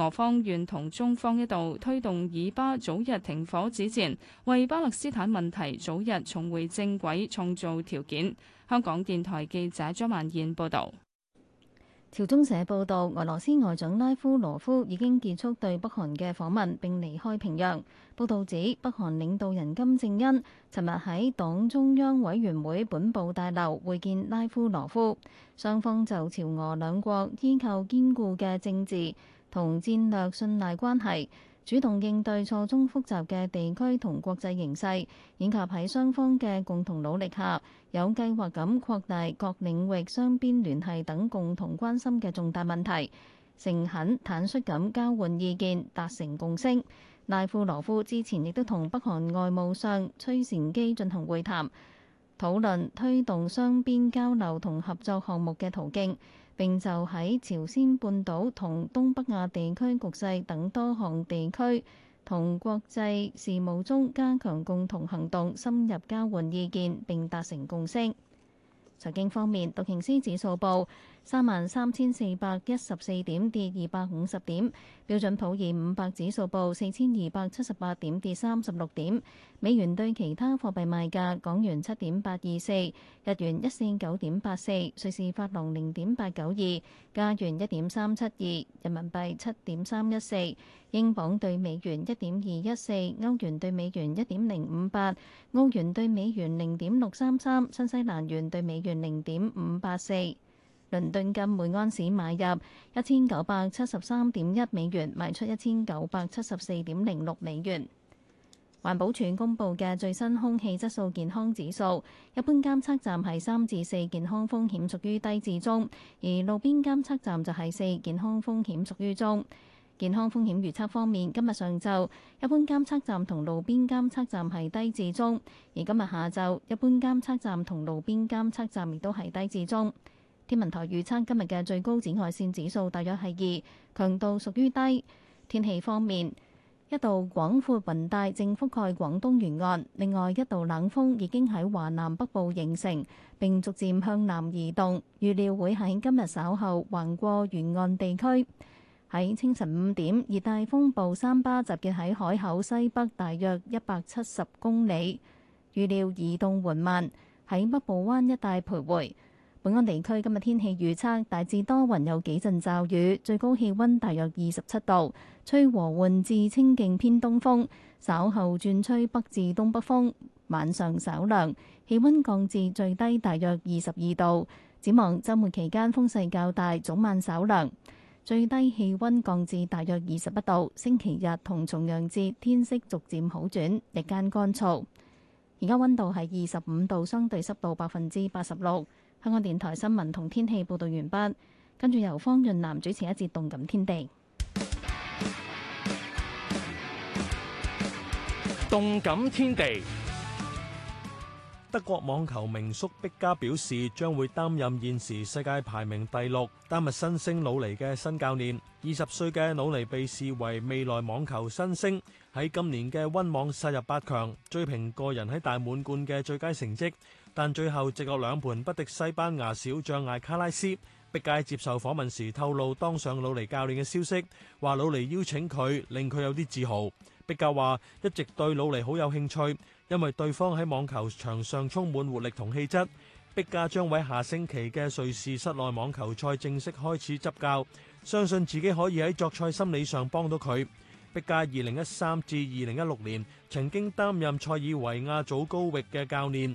俄方願同中方一道推動以巴早日停火止戰，為巴勒斯坦問題早日重回正軌創造條件。香港電台記者張曼燕報道。朝中社報導，俄羅斯外長拉夫羅夫已經結束對北韓嘅訪問並離開平壤。報導指，北韓領導人金正恩尋日喺黨中央委員會本部大樓會見拉夫羅夫，雙方就朝俄兩國依靠堅固嘅政治同戰略信賴關係。主動應對錯綜複雜嘅地區同國際形勢，以及喺雙方嘅共同努力下，有計劃咁擴大各領域雙邊聯繫等共同關心嘅重大問題，誠懇坦率咁交換意見，達成共識。拉夫羅夫之前亦都同北韓外務相崔善姬進行會談，討論推動雙邊交流同合作項目嘅途徑。並就喺朝鮮半島同東北亞地區局勢等多項地區同國際事務中加強共同行動，深入交換意見並達成共識。財經方面，道瓊斯指數報。三萬三千四百一十四點，跌二百五十點，標準普爾五百指數報四千二百七十八點，跌三十六點。美元對其他貨幣賣價，港元七點八二四，日元一四九點八四，瑞士法郎零點八九二，加元一點三七二，人民幣七點三一四，英鎊對美元一點二一四，歐元對美元一點零五八，澳元對美元零點六三三，新西蘭元對美元零點五八四。倫敦金每安士買入一千九百七十三點一美元，賣出一千九百七十四點零六美元。環保署公布嘅最新空氣質素健康指數，一般監測站係三至四，健康風險屬於低至中；而路邊監測站就係四，健康風險屬於中。健康風險預測方面，今日上晝一般監測站同路邊監測站係低至中，而今日下晝一般監測站同路邊監測站亦都係低至中。天文台預測今日嘅最高紫外線指數大約係二，強度屬於低。天氣方面，一道廣闊雲帶正覆蓋廣東沿岸，另外一道冷鋒已經喺華南北部形成，並逐漸向南移動，預料會喺今日稍後橫過沿岸地區。喺清晨五點，熱帶風暴三巴集結喺海口西北大約一百七十公里，預料移動緩慢，喺北部灣一帶徘徊。本安地區今日天氣預測，大致多雲，有幾陣驟雨，最高氣溫大約二十七度，吹和緩至清勁偏東風，稍後轉吹北至東北風，晚上稍涼，氣溫降至最低大約二十二度。展望周末期間風勢較大，早晚稍涼，最低氣溫降至大約二十一度。星期日同重陽節天色逐漸好轉，日間乾燥。而家溫度係二十五度，相對濕度百分之八十六。香港電台新聞同天氣報道完畢，跟住由方潤南主持一節《動感天地》。《動感天地》德國網球名宿碧加表示，將會擔任現時世界排名第六，丹麥新星魯尼嘅新教練。二十歲嘅魯尼被視為未來網球新星，喺今年嘅温網殺入八強，追平個人喺大滿貫嘅最佳成績。但最後直落兩盤不敵西班牙小將艾卡拉斯。碧加接受訪問時透露當上魯尼教練嘅消息，話魯尼邀請佢，令佢有啲自豪。碧加話：一直對魯尼好有興趣，因為對方喺網球場上充滿活力同氣質。碧加將會喺下星期嘅瑞士室內網球賽正式開始執教，相信自己可以喺作賽心理上幫到佢。碧加二零一三至二零一六年曾經擔任塞爾維亞祖高域嘅教練。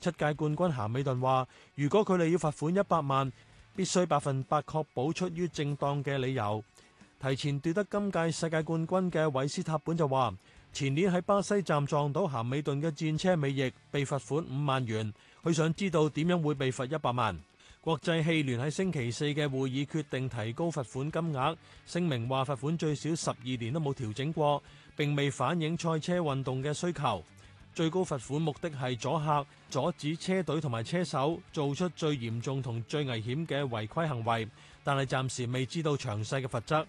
七屆冠軍咸美頓話：如果佢哋要罰款一百萬，必須百分百確保出於正當嘅理由。提前奪得今屆世界冠軍嘅韋斯塔本就話：前年喺巴西站撞到咸美頓嘅戰車尾翼，被罰款五萬元。佢想知道點樣會被罰一百萬？國際汽聯喺星期四嘅會議決定提高罰款金額，聲明話罰款最少十二年都冇調整過，並未反映賽車運動嘅需求。最高罰款目的係阻嚇、阻止車隊同埋車手做出最嚴重同最危險嘅違規行為，但係暫時未知道詳細嘅罰則。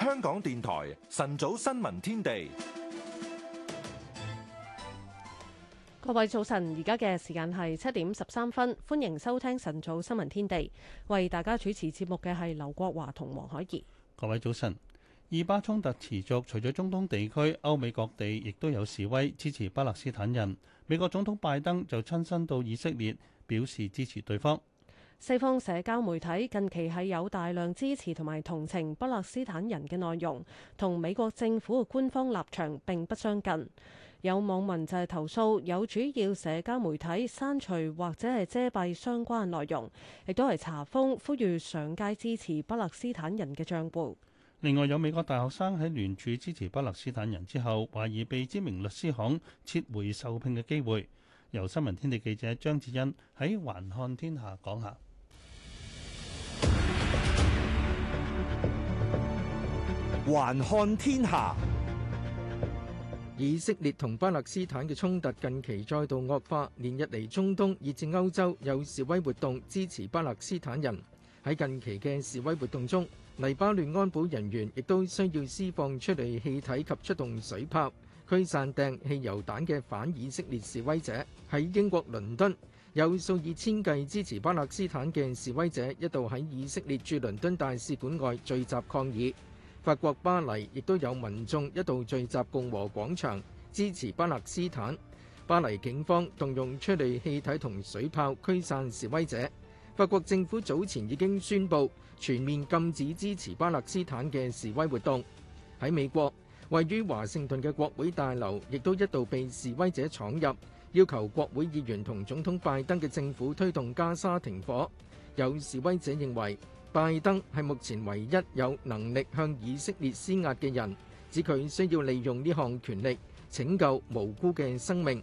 香港電台晨早新聞天地。各位早晨，而家嘅時間係七點十三分，歡迎收聽晨早新聞天地。為大家主持節目嘅係劉國華同黃海怡。各位早晨，以巴衝突持續，除咗中東地區，歐美各地亦都有示威支持巴勒斯坦人。美國總統拜登就親身到以色列表示支持對方。西方社交媒體近期係有大量支持同埋同情巴勒斯坦人嘅內容，同美國政府嘅官方立場並不相近。有網民就係投訴，有主要社交媒體刪除或者係遮蔽相關內容，亦都係查封，呼籲上街支持巴勒斯坦人嘅帳戶。另外，有美國大學生喺聯署支持巴勒斯坦人之後，懷疑被知名律師行撤回受聘嘅機會。由新聞天地記者張子欣喺環看天下講下。環看天下。以色列同巴勒斯坦嘅衝突近期再度惡化，連日嚟，中東以至歐洲有示威活動支持巴勒斯坦人。喺近期嘅示威活動中，黎巴嫩安保人員亦都需要施放催淚氣體及出動水炮驅散掟汽油彈嘅反以色列示威者。喺英國倫敦，有數以千計支持巴勒斯坦嘅示威者一度喺以色列駐倫敦大使館外聚集抗議。法國巴黎亦都有民眾一度聚集共和廣場支持巴勒斯坦，巴黎警方動用催淚氣體同水炮驅散示威者。法國政府早前已經宣布全面禁止支持巴勒斯坦嘅示威活動。喺美國，位於華盛頓嘅國會大樓亦都一度被示威者闖入，要求國會議員同總統拜登嘅政府推動加沙停火。有示威者認為，拜登係目前唯一有能力向以色列施壓嘅人，指佢需要利用呢項權力拯救無辜嘅生命。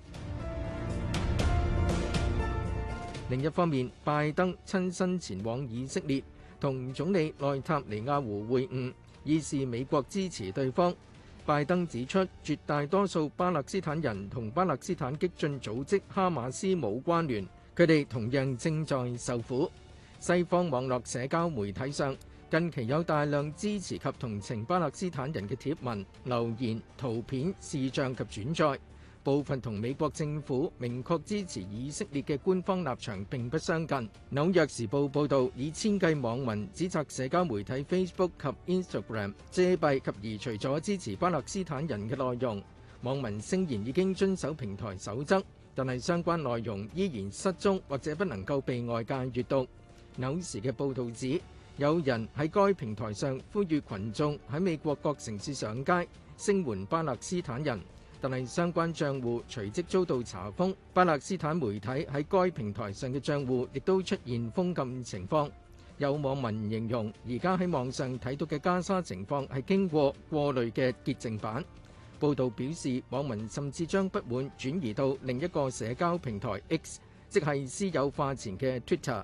另一方面，拜登親身前往以色列同總理內塔尼亞胡會晤，以示美國支持對方。拜登指出，絕大多數巴勒斯坦人同巴勒斯坦激進組織哈馬斯冇關聯，佢哋同樣正在受苦。西方網絡社交媒體上近期有大量支持及同情巴勒斯坦人嘅貼文、留言、圖片、視像及轉載，部分同美國政府明確支持以色列嘅官方立場並不相近。紐約時報報導，以千計嘅網民指責社交媒體 Facebook 及 Instagram 遮蔽及移除咗支持巴勒斯坦人嘅內容。網民聲言已經遵守平台守則，但係相關內容依然失蹤或者不能夠被外界閲讀。紐時嘅報道指有人喺該平台上呼籲羣眾喺美國各城市上街聲援巴勒斯坦人，但係相關帳戶隨即遭到查封。巴勒斯坦媒體喺該平台上嘅帳戶亦都出現封禁情況。有網民形容而家喺網上睇到嘅加沙情況係經過過濾嘅潔淨版。報道表示，網民甚至將不滿轉移到另一個社交平台 X，即係私有化前嘅 Twitter。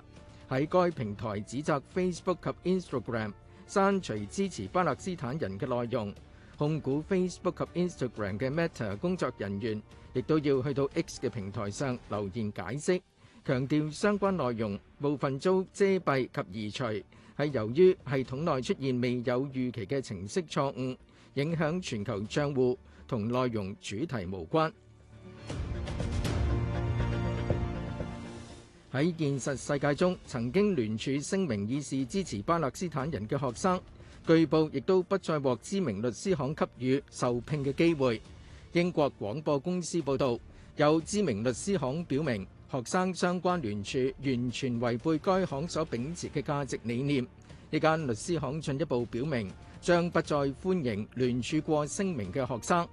喺該平台指責 Facebook 及 Instagram 刪除支持巴勒斯坦人嘅內容，控股 Facebook 及 Instagram 嘅 Meta 工作人員亦都要去到 X 嘅平台上留言解釋，強調相關內容部分遭遮蔽及移除係由於系統內出現未有預期嘅程式錯誤，影響全球帳戶，同內容主題無關。喺現實世界中，曾經聯署聲明以示支持巴勒斯坦人嘅學生，據報亦都不再獲知名律師行給予受聘嘅機會。英國廣播公司報道，有知名律師行表明，學生相關聯署完全違背該行所秉持嘅價值理念。呢間律師行進一步表明，將不再歡迎聯署過聲明嘅學生。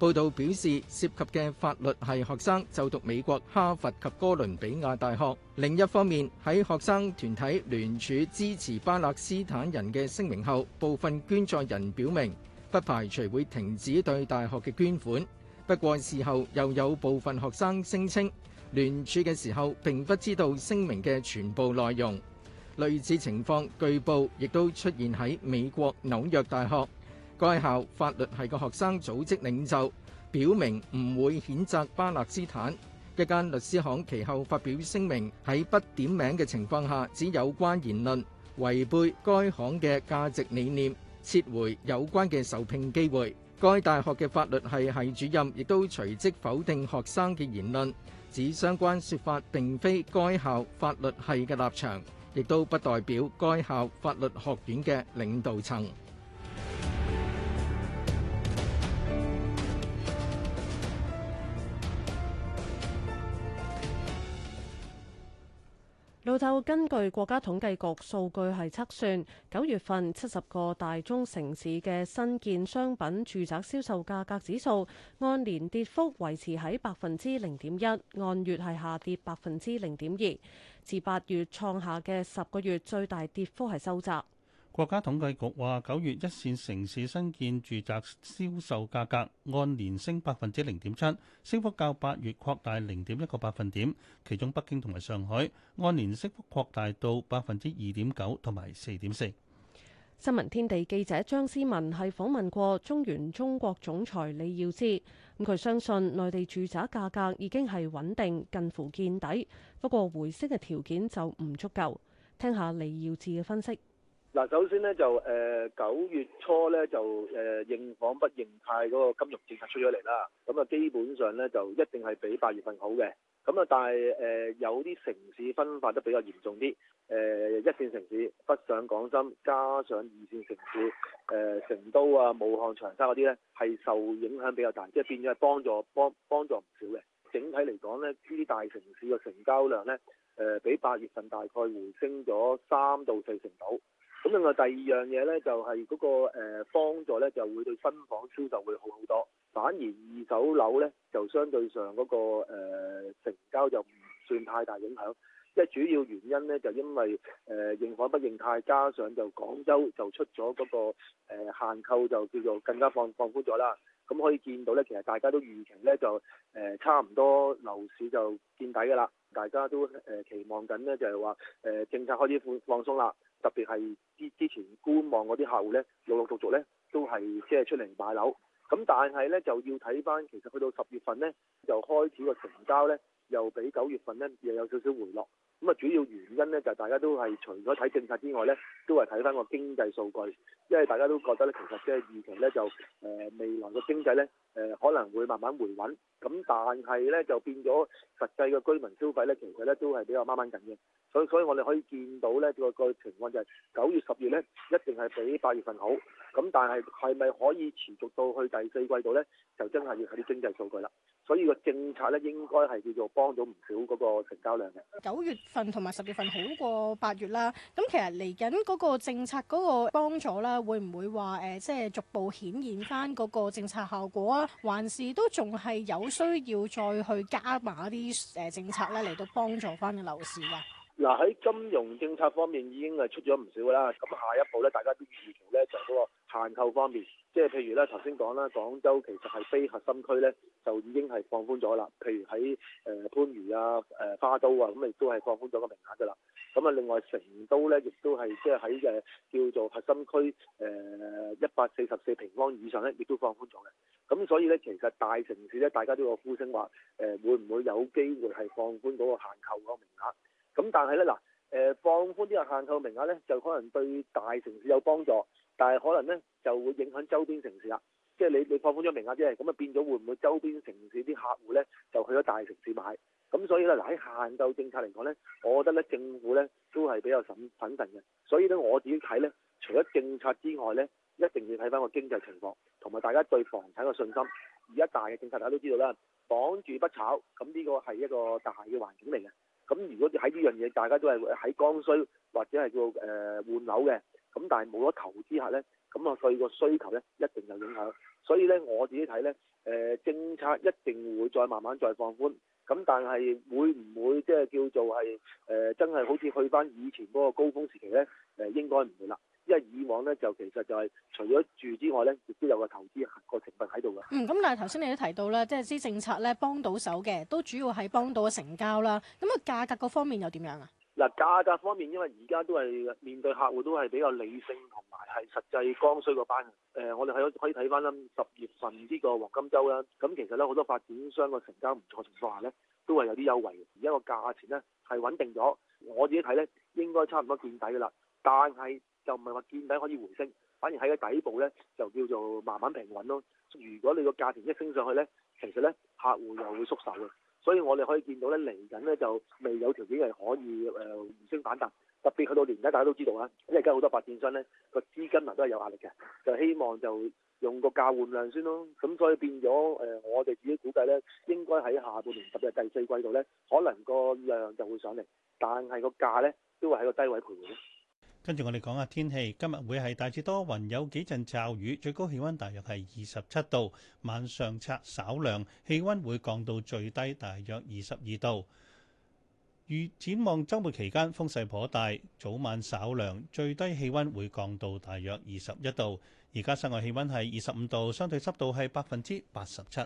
報道表示，涉及嘅法律系學生就讀美國哈佛及哥倫比亞大學。另一方面，喺學生團體聯署支持巴勒斯坦人嘅聲明後，部分捐助人表明不排除會停止對大學嘅捐款。不過事後又有部分學生聲稱，聯署嘅時候並不知道聲明嘅全部內容。類似情況據報亦都出現喺美國紐約大學。該校法律系嘅學生組織領袖表明唔會譴責巴勒斯坦。一間律師行其後發表聲明喺不點名嘅情況下，指有關言論違背該行嘅價值理念，撤回有關嘅受聘機會。該大學嘅法律系系主任亦都隨即否定學生嘅言論，指相關説法並非該校法律系嘅立場，亦都不代表該校法律學院嘅領導層。就就根據國家統計局數據係測算，九月份七十個大中城市嘅新建商品住宅銷售價格指數按年跌幅維持喺百分之零點一，按月係下跌百分之零點二，自八月創下嘅十個月最大跌幅係收窄。國家統計局話，九月一綫城市新建住宅銷售價格按年升百分之零點七，升幅較八月擴大零點一個百分點。其中，北京同埋上海按年升幅擴大到百分之二點九同埋四點四。4. 4，新聞天地記者張思文係訪問過中原中國總裁李耀智，咁佢相信內地住宅價格已經係穩定，近乎見底，不過回升嘅條件就唔足夠。聽下李耀智嘅分析。嗱，首先咧就誒九、呃、月初咧就誒認房不認貸嗰個金融政策出咗嚟啦，咁啊基本上咧就一定係比八月份好嘅，咁啊但係誒、呃、有啲城市分化得比較嚴重啲，誒、呃、一線城市北上廣深加上二線城市誒、呃、成都啊、武漢、長沙嗰啲咧係受影響比較大，即係變咗係幫助幫幫助唔少嘅。整體嚟講咧，呢啲大城市嘅成交量咧誒、呃、比八月份大概回升咗三到四成度。咁另外第二樣嘢咧，就係、是、嗰、那個誒、呃、幫助咧，就會對新房銷售會好好多。反而二手樓咧，就相對上嗰、那個、呃、成交就唔算太大影響。一主要原因咧，就因為誒應房不應貸，加上就廣州就出咗嗰、那個、呃、限購，就叫做更加放放寬咗啦。咁可以見到咧，其實大家都預期咧，就誒、呃、差唔多樓市就見底㗎啦。大家都誒、呃、期望緊咧，就係話誒政策開始放放鬆啦。特別係之之前觀望嗰啲客戶咧，陸陸陸續續咧都係即係出嚟買樓，咁但係咧就要睇返，其實去到十月份咧，就開始個成交咧又比九月份咧又有少少回落。咁啊主要原因咧就係大家都係除咗睇政策之外咧，都係睇翻個經濟數據，因為大家都覺得咧，其實即係預期咧就誒、呃、未來個經濟咧誒、呃、可能會慢慢回穩，咁但係咧就變咗實際嘅居民消費咧，其實咧都係比較掹掹緊嘅，所以所以我哋可以見到咧個、這個情況就係九月、十月咧一定係比八月份好，咁但係係咪可以持續到去第四季度咧，就真係要睇經濟數據啦，所以個政策咧應該係叫做幫咗唔少嗰個成交量嘅九月。份同埋十月份月好過八月啦，咁其實嚟緊嗰個政策嗰個幫助啦，會唔會話誒、呃、即係逐步顯現翻嗰個政策效果啊？還是都仲係有需要再去加碼啲誒政策咧嚟到幫助翻嘅樓市啊？嗱，喺金融政策方面已經係出咗唔少㗎啦，咁下一步咧，大家都預期咧就嗰、是那個限購方面，即係譬如咧，頭先講啦，廣州其實係非核心區咧，就已經係放寬咗啦。譬如喺誒番禺啊、誒、呃、花都啊，咁亦都係放寬咗個名額㗎啦。咁、嗯、啊，另外成都咧，亦都係即係喺誒叫做核心區誒一百四十四平方以上咧，亦都放寬咗嘅。咁、嗯、所以咧，其實大城市咧，大家都有呼聲話誒、呃、會唔會有機會係放寬嗰個限購嗰個名額？咁、嗯、但係咧嗱誒放寬啲嘅限購名額咧，就可能對大城市有幫助。但係可能咧，就會影響周邊城市啦。即係你你放寬咗名額啫，咁啊變咗會唔會周邊城市啲客戶咧就去咗大城市買？咁所以咧喺限購政策嚟講咧，我覺得咧政府咧都係比較審審慎嘅。所以咧我自己睇咧，除咗政策之外咧，一定要睇翻個經濟情況，同埋大家對房產嘅信心。而家大嘅政策大家都知道啦，房住不炒，咁呢個係一個大嘅環境嚟嘅。咁如果喺呢樣嘢大家都係喺剛需或者係叫誒、呃、換樓嘅。咁但係冇咗投資客咧，咁啊對個需求咧一定有影響。所以咧我自己睇咧，誒、呃、政策一定會再慢慢再放寬。咁但係會唔會即係叫做係誒、呃、真係好似去翻以前嗰個高峰時期咧？誒、呃、應該唔會啦，因為以往咧就其實就係除咗住之外咧，亦都有個投資客個成分喺度㗎。嗯，咁但係頭先你都提到啦，即係啲政策咧幫到手嘅，都主要係幫到成交啦。咁啊價格嗰方面又點樣啊？嗱，價格方面，因為而家都係面對客戶都係比較理性同埋係實際剛需嗰班人，呃，我哋係可以睇翻啦，十月份呢個黃金周啦，咁，啊，其實咧好多發展商個成交唔錯情況下咧，都係有啲優惠嘅。而家個價錢咧係穩定咗，我自己睇咧應該差唔多見底㗎啦。但係就唔係話見底可以回升，反而喺個底部咧就叫做慢慢平穩咯。如果你個價錢一升上去咧，其實咧客戶又會縮手嘅。所以我哋可以見到咧，嚟緊咧就未有條件係可以誒回、呃、升反彈，特別去到年底，大家都知道啦，因為而家好多發展商咧個資金啊都係有壓力嘅，就希望就用個價換量先咯、哦。咁所以變咗誒、呃，我哋自己估計咧，應該喺下半年特別係第四季度咧，可能個量就會上嚟，但係個價咧都會喺個低位徘徊。跟住我哋講下天氣，今日會係大致多雲，有幾陣驟雨，最高氣溫大約係二十七度，晚上擦稍涼，氣溫會降到最低大約二十二度。預展望周末期間風勢頗大，早晚稍涼，最低氣溫會降到大約二十一度。而家室外氣溫係二十五度，相對濕度係百分之八十七。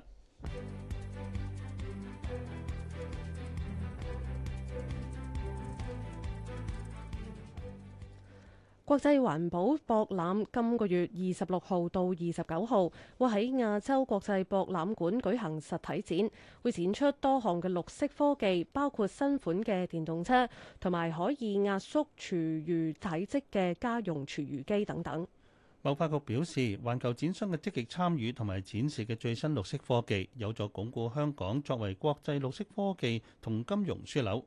國際環保博覽今個月二十六號到二十九號會喺亞洲國際博覽館舉行實體展，會展出多項嘅綠色科技，包括新款嘅電動車同埋可以壓縮廚餘體積嘅家用廚餘機等等。貿發局表示，環球展商嘅積極參與同埋展示嘅最新綠色科技，有助鞏固香港作為國際綠色科技同金融樞紐。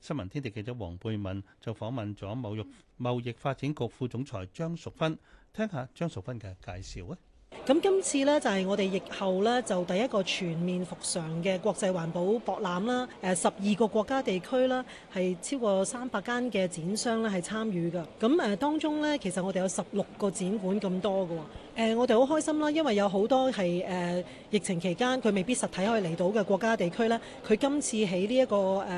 新聞天地記者黃貝敏就訪問咗貿易貿易發展局副總裁張淑芬，聽下張淑芬嘅介紹啊。咁今次呢，就係我哋疫後呢，就第一個全面復常嘅國際環保博覽啦，誒十二個國家地區啦，係超過三百間嘅展商呢係參與噶咁誒當中呢，其實我哋有十六個展館咁多噶。誒，我哋好開心啦，因為有好多係誒疫情期間佢未必實體可以嚟到嘅國家地區呢，佢今次喺呢一個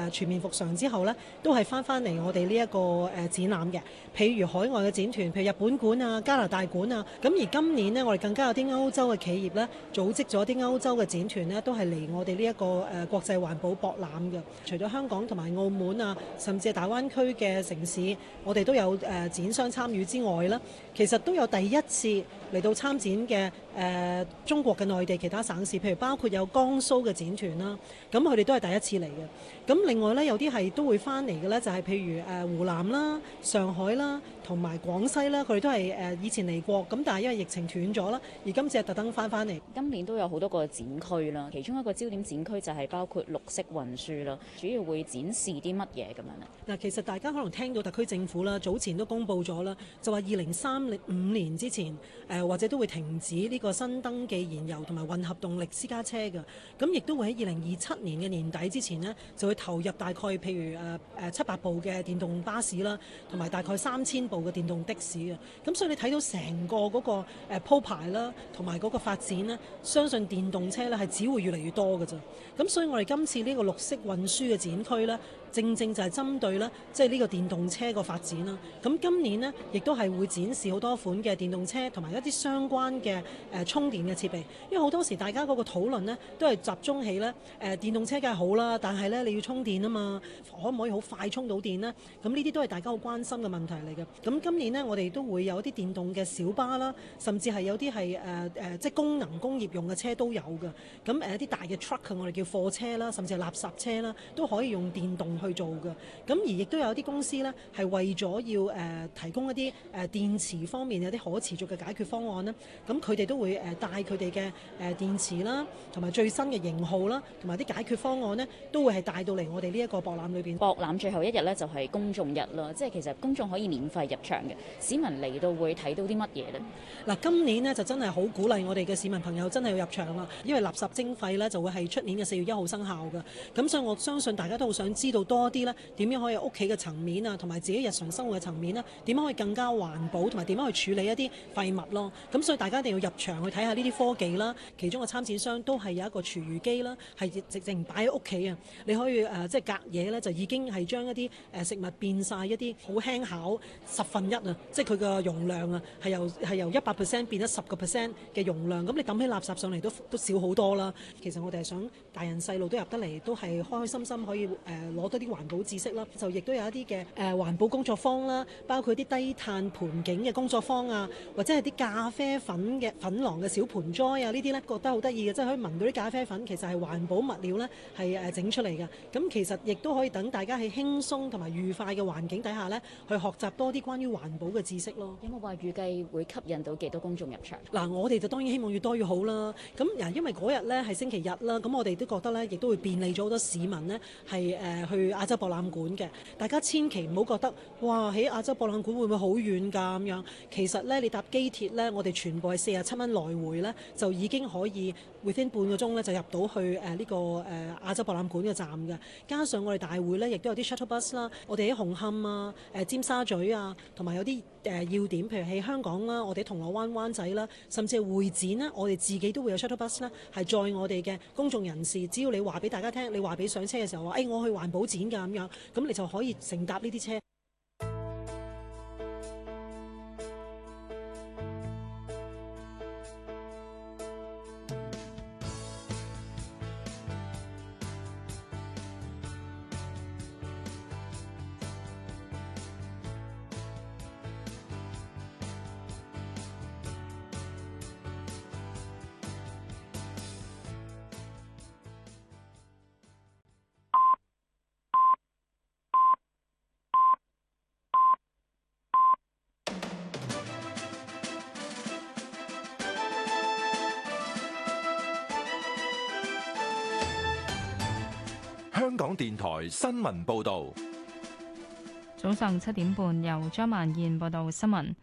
誒全面復常之後呢，都係翻翻嚟我哋呢一個誒展覽嘅。譬如海外嘅展團，譬如日本館啊、加拿大館啊，咁而今年呢，我哋更加有啲歐洲嘅企業呢，組織咗啲歐洲嘅展團呢，都係嚟我哋呢一個誒國際環保博覽嘅。除咗香港同埋澳門啊，甚至係大灣區嘅城市，我哋都有誒展商參與之外咧。其實都有第一次嚟到參展嘅誒、呃、中國嘅內地其他省市，譬如包括有江蘇嘅展團啦，咁佢哋都係第一次嚟嘅。咁、啊、另外呢，有啲係都會翻嚟嘅呢，就係、是、譬如誒、呃、湖南啦、上海啦、同埋廣西啦，佢哋都係誒、呃、以前嚟過，咁但係因為疫情斷咗啦，而今次係特登翻翻嚟。今年都有好多個展區啦，其中一個焦點展區就係包括綠色運輸啦，主要會展示啲乜嘢咁樣咧？嗱，其實大家可能聽到特區政府啦，早前都公布咗啦，就話二零三五年之前，誒、呃、或者都會停止呢個新登記燃油同埋混合動力私家車嘅，咁亦都會喺二零二七年嘅年底之前呢，就會投入大概譬如誒誒、呃呃、七八部嘅電動巴士啦，同埋大概三千部嘅電動的士嘅，咁所以你睇到成個嗰個誒鋪排啦，同埋嗰個發展呢，相信電動車呢係只會越嚟越多㗎啫。咁所以我哋今次呢個綠色運輸嘅展區呢。正正就係針對咧，即係呢個電動車個發展啦。咁今年呢，亦都係會展示好多款嘅電動車同埋一啲相關嘅誒、呃、充電嘅設備。因為好多時大家嗰個討論咧，都係集中喺呢：呃「誒電動車梗係好啦，但係呢，你要充電啊嘛，可唔可以好快充到電呢？」咁呢啲都係大家好關心嘅問題嚟嘅。咁今年呢，我哋都會有一啲電動嘅小巴啦，甚至係有啲係誒誒即係功能工業用嘅車都有嘅。咁誒一啲大嘅 truck，我哋叫貨車啦，甚至係垃圾車啦，都可以用電動。去做嘅，咁而亦都有啲公司咧，係為咗要誒、呃、提供一啲誒電池方面有啲可持續嘅解決方案咧，咁佢哋都會誒帶佢哋嘅誒電池啦，同埋最新嘅型號啦，同埋啲解決方案咧，都會係帶到嚟我哋呢一個博覽裏邊。博覽最後一日咧就係、是、公眾日啦，即係其實公眾可以免費入場嘅。市民嚟到會睇到啲乜嘢咧？嗱，今年咧就真係好鼓勵我哋嘅市民朋友真係要入場啦，因為垃圾徵費咧就會係出年嘅四月一號生效嘅。咁所以我相信大家都好想知道。多啲咧，點樣可以屋企嘅層面啊，同埋自己日常生活嘅層面咧，點樣可以更加環保，同埋點樣去處理一啲廢物咯？咁所以大家一定要入場去睇下呢啲科技啦。其中嘅參展商都係有一個廚餘機啦，係直直擺喺屋企啊。你可以誒即係隔夜咧，就已經係將一啲誒食物變晒一啲好輕巧十分一啊，即係佢個容量啊，係由係由一百 percent 變咗十個 percent 嘅容量。咁你抌起垃圾上嚟都都少好多啦。其實我哋係想大人細路都入得嚟，都係開開心心可以誒攞得。呃啲環保知識啦，就亦都有一啲嘅誒環保工作坊啦，包括啲低碳盆景嘅工作坊啊，或者係啲咖啡粉嘅粉囊嘅小盆栽啊，呢啲呢覺得好得意嘅，即係可以聞到啲咖啡粉其實係環保物料呢，係誒整出嚟嘅。咁其實亦都可以等大家喺輕鬆同埋愉快嘅環境底下呢，去學習多啲關於環保嘅知識咯。有冇話預計會吸引到幾多公眾入場？嗱，我哋就當然希望越多越好啦。咁嗱，因為嗰日呢係星期日啦，咁我哋都覺得呢，亦都會便利咗好多市民呢，係誒、呃、去。亞洲博覽館嘅，大家千祈唔好覺得，哇！喺亞洲博覽館會唔會好遠㗎咁樣？其實咧，你搭機鐵咧，我哋全部係四十七蚊來回咧，就已經可以 within 半個鐘咧，就入到去誒呢、呃這個誒、呃、亞洲博覽館嘅站嘅。加上我哋大會咧，亦都有啲 shuttle bus 啦，我哋喺紅磡啊、誒、呃、尖沙咀啊，同埋有啲。誒、呃、要點，譬如喺香港啦，我哋銅鑼灣、灣仔啦，甚至係會展啦，我哋自己都會有 shuttle bus 啦，係載我哋嘅公眾人士。只要你話俾大家聽，你話俾上車嘅時候話，誒、哎、我去環保展㗎咁樣，咁你就可以乘搭呢啲車。新聞報道，早上七點半，由張萬燕報道新聞。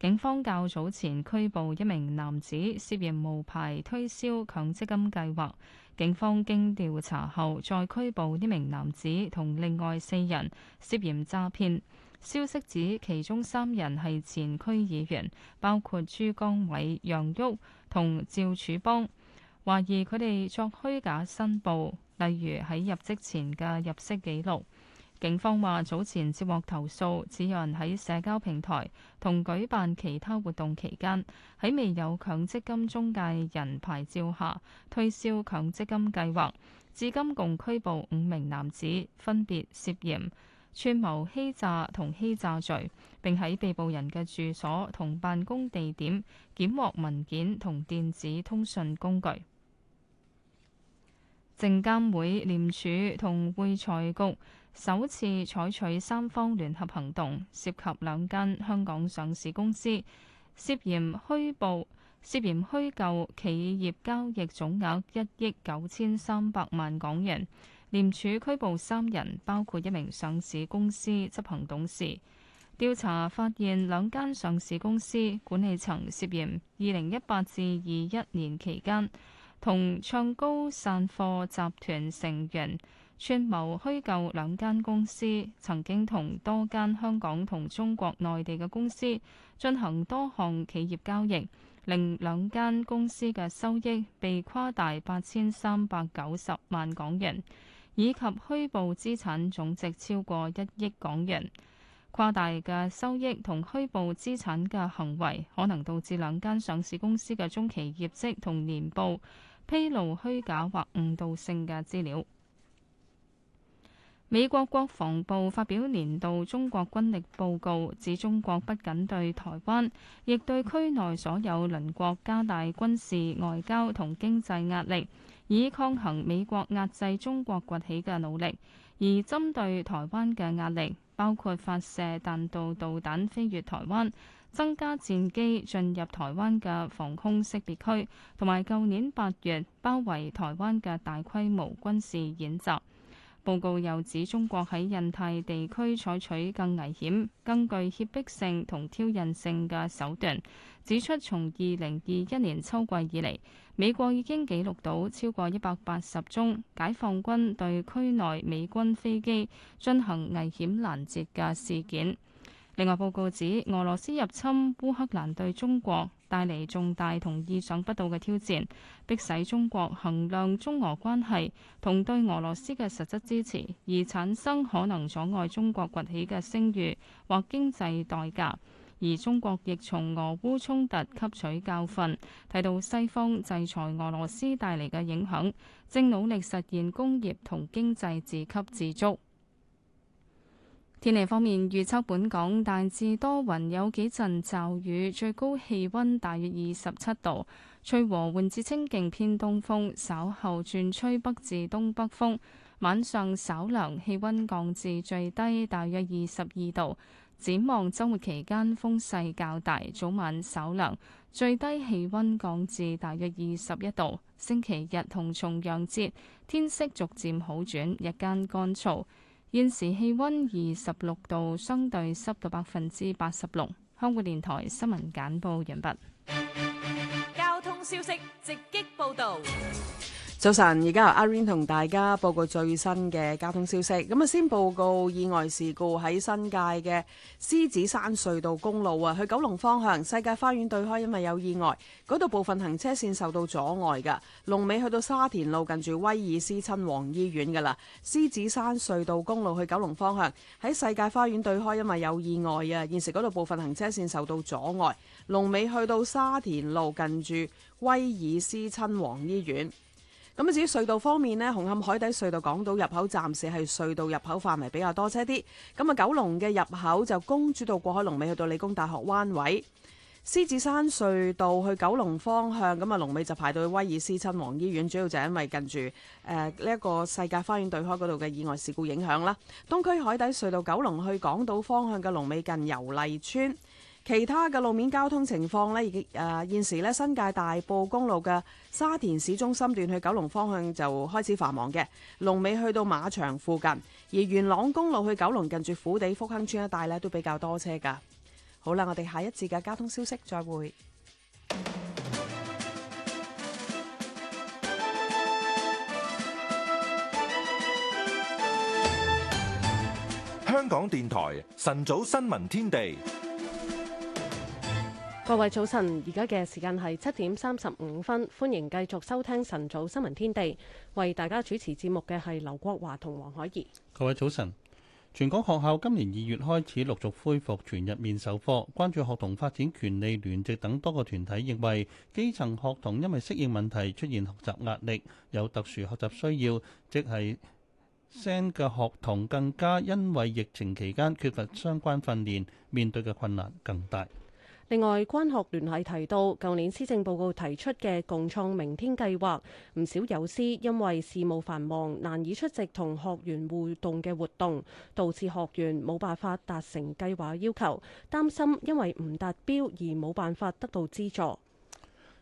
警方較早前拘捕一名男子，涉嫌無牌推銷強積金計劃。警方經調查後，再拘捕呢名男子同另外四人涉嫌詐騙。消息指，其中三人係前區議員，包括朱江瑋、楊旭同趙柱邦，懷疑佢哋作虛假申報。例如喺入職前嘅入息記錄，警方話早前接獲投訴，指有人喺社交平台同舉辦其他活動期間，喺未有強積金中介人牌照下推銷強積金計劃。至今共拘捕五名男子，分別涉嫌串謀欺詐同欺詐罪。並喺被捕人嘅住所同辦公地點檢獲文件同電子通訊工具。證監會、廉署同會財局首次採取三方聯合行動，涉及兩間香港上市公司，涉嫌虛報、涉嫌虛構企業交易總額一億九千三百萬港元。廉署拘捕三人，包括一名上市公司執行董事。調查發現，兩間上市公司管理層涉嫌二零一八至二一年期間。同唱高散貨集團成員串謀虛構兩間公司，曾經同多間香港同中國內地嘅公司進行多項企業交易，令兩間公司嘅收益被誇大八千三百九十萬港元，以及虛報資產總值超過一億港元。誇大嘅收益同虛報資產嘅行為，可能導致兩間上市公司嘅中期業績同年報。披露虛假或誤導性嘅資料。美國國防部發表年度中國軍力報告，指中國不僅對台灣，亦對區內所有鄰國加大軍事、外交同經濟壓力，以抗衡美國壓制中國崛起嘅努力。而針對台灣嘅壓力，包括發射彈道導彈飛越台灣。增加戰機進入台灣嘅防空識別區，同埋舊年八月包圍台灣嘅大規模軍事演習。報告又指中國喺印太地區採取更危險，更具脅迫性同挑釁性嘅手段，指出從二零二一年秋季以嚟，美國已經記錄到超過一百八十宗解放軍對區內美軍飛機進行危險攔截嘅事件。另外報告指，俄羅斯入侵烏克蘭對中國帶嚟重大同意想不到嘅挑戰，迫使中國衡量中俄關係同對俄羅斯嘅實質支持，而產生可能阻礙中國崛起嘅聲譽或經濟代價。而中國亦從俄烏衝突吸取教訓，睇到西方制裁俄羅斯帶嚟嘅影響，正努力實現工業同經濟自給自足。天氣方面，預測本港大致多雲，有幾陣驟雨，最高氣溫大約二十七度，吹和緩至清勁偏東風，稍後轉吹北至東北風。晚上稍涼，氣溫降至最低大約二十二度。展望周末期間風勢較大，早晚稍涼，最低氣溫降至大約二十一度。星期日同重陽節，天色逐漸好轉，日間乾燥。現時氣溫二十六度，相對濕度百分之八十六。香港電台新聞簡報筆，完畢。交通消息直擊報道。早晨，而家由阿 Rain 同大家報告最新嘅交通消息。咁啊，先報告意外事故喺新界嘅獅子山隧道公路啊，去九龍方向世界花園對開，因為有意外，嗰度部分行車線受到阻礙㗎。龍尾去到沙田路，近住威爾斯親王醫院噶啦。獅子山隧道公路去九龍方向喺世界花園對開，因為有意外啊，現時嗰度部分行車線受到阻礙。龍尾去到沙田路，近住威爾斯親王醫院。咁至於隧道方面咧，紅磡海底隧道港島入口暫時係隧道入口範圍比較多車啲。咁啊，九龍嘅入口就公主道過海龍尾去到理工大學灣位，獅子山隧道去九龍方向，咁啊龍尾就排到去威爾斯親王醫院，主要就係因為近住誒呢一個世界花園對開嗰度嘅意外事故影響啦。東區海底隧道九龍去港島方向嘅龍尾近油麗村。其他嘅路面交通情況咧，已經誒，現時咧，新界大埔公路嘅沙田市中心段去九龍方向就開始繁忙嘅，龍尾去到馬場附近，而元朗公路去九龍近住虎地福亨村一帶咧都比較多車㗎。好啦，我哋下一次嘅交通消息再會。香港電台晨早新聞天地。各位早晨，而家嘅時間係七點三十五分，歡迎繼續收聽晨早新聞天地。為大家主持節目嘅係劉國華同黃海怡。各位早晨，全港學校今年二月開始陸續恢復全日面授課，關注學童發展權利聯席等多個團體認為基層學童因為適應問題出現學習壓力，有特殊學習需要，即係 SEN 嘅學童更加因為疫情期間缺乏相關訓練，面對嘅困難更大。另外，關學聯係提到，舊年施政報告提出嘅共創明天計劃，唔少友師因為事務繁忙，難以出席同學員互動嘅活動，導致學員冇辦法達成計劃要求，擔心因為唔達標而冇辦法得到資助。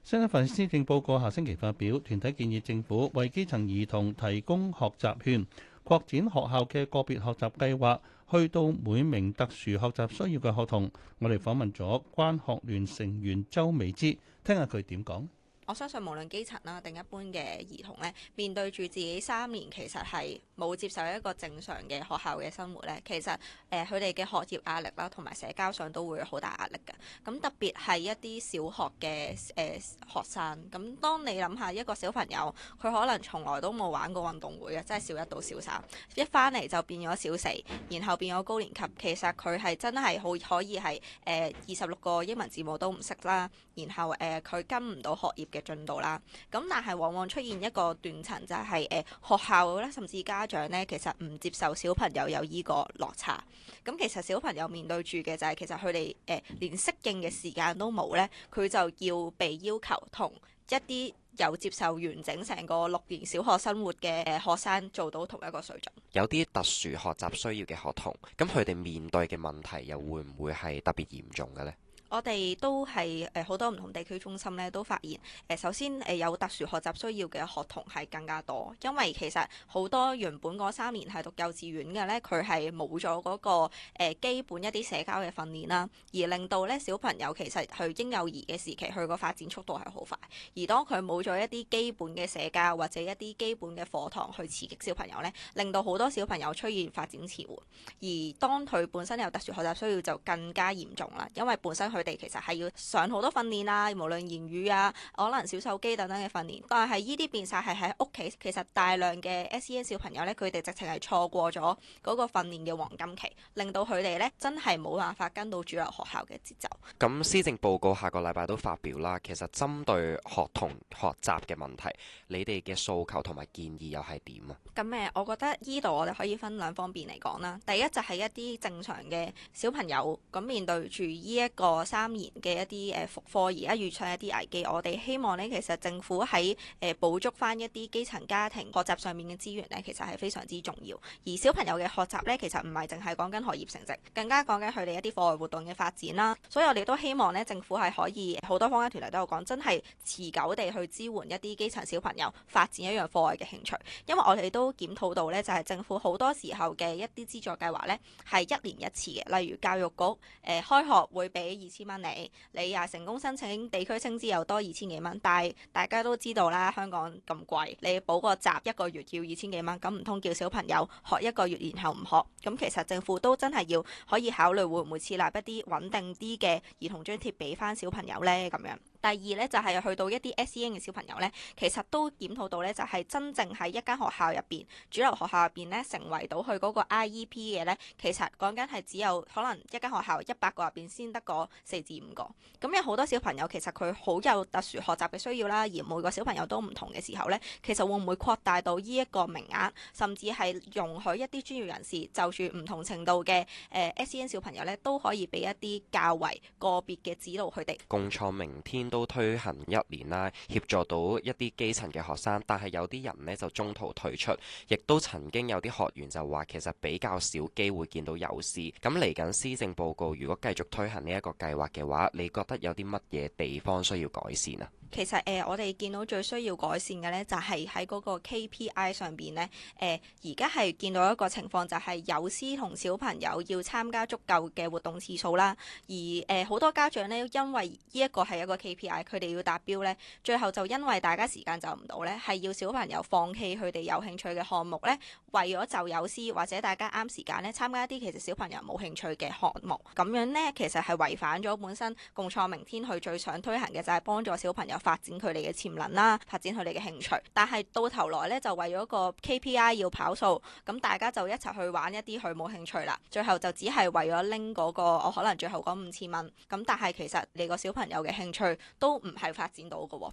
新一份施政報告下星期發表，團體建議政府為基層兒童提供學習券。擴展學校嘅個別學習計劃，去到每名特殊學習需要嘅學童。我哋訪問咗關學聯成員周美芝，聽下佢點講。我相信無論基層啦定一般嘅兒童咧，面對住自己三年其實係冇接受一個正常嘅學校嘅生活咧，其實誒佢哋嘅學業壓力啦，同埋社交上都會好大壓力㗎。咁特別係一啲小學嘅誒、呃、學生，咁當你諗下一個小朋友，佢可能從來都冇玩過運動會呀，真係小一到小三一翻嚟就變咗小四，然後變咗高年級，其實佢係真係好可以係誒二十六個英文字母都唔識啦，然後誒佢、呃、跟唔到學業嘅進度啦，咁但係往往出現一個斷層，就係，就係誒學校咧，甚至家長咧，其實唔接受小朋友有依個落差。咁其實小朋友面對住嘅就係、係、其實佢哋誒連適應嘅時間都冇咧，佢就要被要求同一啲有接受完整成個六年小學生活嘅誒學生做到同一個水準。有啲特殊學習需要嘅學童，咁佢哋面對嘅問題又會唔會係特別嚴重嘅咧？我哋都係誒好多唔同地區中心咧，都發現誒、呃、首先誒、呃、有特殊學習需要嘅學童係更加多，因為其實好多原本嗰三年係讀幼稚園嘅咧，佢係冇咗嗰個、呃、基本一啲社交嘅訓練啦，而令到咧小朋友其實去嬰幼兒嘅時期佢個發展速度係好快，而當佢冇咗一啲基本嘅社交或者一啲基本嘅課堂去刺激小朋友咧，令到好多小朋友出現發展遲緩，而當佢本身有特殊學習需要就更加嚴重啦，因為本身佢哋其實係要上好多訓練啊，無論言語啊，可能小手肌等等嘅訓練，但係依啲變曬係喺屋企，其實大量嘅 S.E.N. 小朋友咧，佢哋直情係錯過咗嗰個訓練嘅黃金期，令到佢哋咧真係冇辦法跟到主流學校嘅節奏。咁施政報告下個禮拜都發表啦，其實針對學童學習嘅問題，你哋嘅訴求同埋建議又係點啊？咁誒、嗯，我覺得依度我哋可以分兩方面嚟講啦。第一就係一啲正常嘅小朋友咁面對住依一個三年嘅一啲誒復課，而家遇上一啲危機，我哋希望咧，其實政府喺誒補捉翻一啲基層家庭學習上面嘅資源咧，其實係非常之重要。而小朋友嘅學習咧，其實唔係淨係講緊學業成績，更加講緊佢哋一啲課外活動嘅發展啦。所以我哋都希望咧，政府係可以好多坊間團體都有講，真係持久地去支援一啲基層小朋友發展一樣課外嘅興趣，因為我哋都檢討到咧，就係、是、政府好多時候嘅一啲資助計劃咧，係一年一次嘅，例如教育局誒、呃、開學會俾千蚊你，你啊成功申請地區升資又多二千幾蚊，但係大家都知道啦，香港咁貴，你補個習一個月要二千幾蚊，咁唔通叫小朋友學一個月然後唔學？咁其實政府都真係要可以考慮會唔會設立一啲穩定啲嘅兒童津貼俾翻小朋友呢？咁樣。第二咧就係去到一啲 SEN 嘅小朋友咧，其實都檢討到咧，就係真正喺一間學校入邊，主流學校入邊咧，成為到佢嗰個 I.E.P 嘅咧，其實講緊係只有可能一間學校一百個入邊先得個四至五個。咁有好多小朋友其實佢好有特殊學習嘅需要啦，而每個小朋友都唔同嘅時候咧，其實會唔會擴大到呢一個名額，甚至係容許一啲專業人士就住唔同程度嘅誒 SEN 小朋友咧，都可以俾一啲較為個別嘅指導佢哋。共創明天。都推行一年啦，協助到一啲基層嘅學生，但係有啲人呢就中途退出，亦都曾經有啲學員就話其實比較少機會見到友師，咁嚟緊施政報告如果繼續推行呢一個計劃嘅話，你覺得有啲乜嘢地方需要改善啊？其實誒、呃，我哋見到最需要改善嘅咧，就係喺嗰個 KPI 上邊咧。誒、呃，而家係見到一個情況，就係、是、有師同小朋友要參加足夠嘅活動次數啦。而誒，好、呃、多家長咧，因為呢一個係一個 KPI，佢哋要達標咧，最後就因為大家時間就唔到咧，係要小朋友放棄佢哋有興趣嘅項目咧，為咗就有師或者大家啱時間咧，參加一啲其實小朋友冇興趣嘅項目。咁樣咧，其實係違反咗本身共創明天佢最想推行嘅就係、是、幫助小朋友。發展佢哋嘅潛能啦，發展佢哋嘅興趣，但係到頭來咧就為咗個 KPI 要跑數，咁大家就一齊去玩一啲佢冇興趣啦。最後就只係為咗拎嗰個，我可能最後嗰五千蚊咁，但係其實你個小朋友嘅興趣都唔係發展到嘅喎。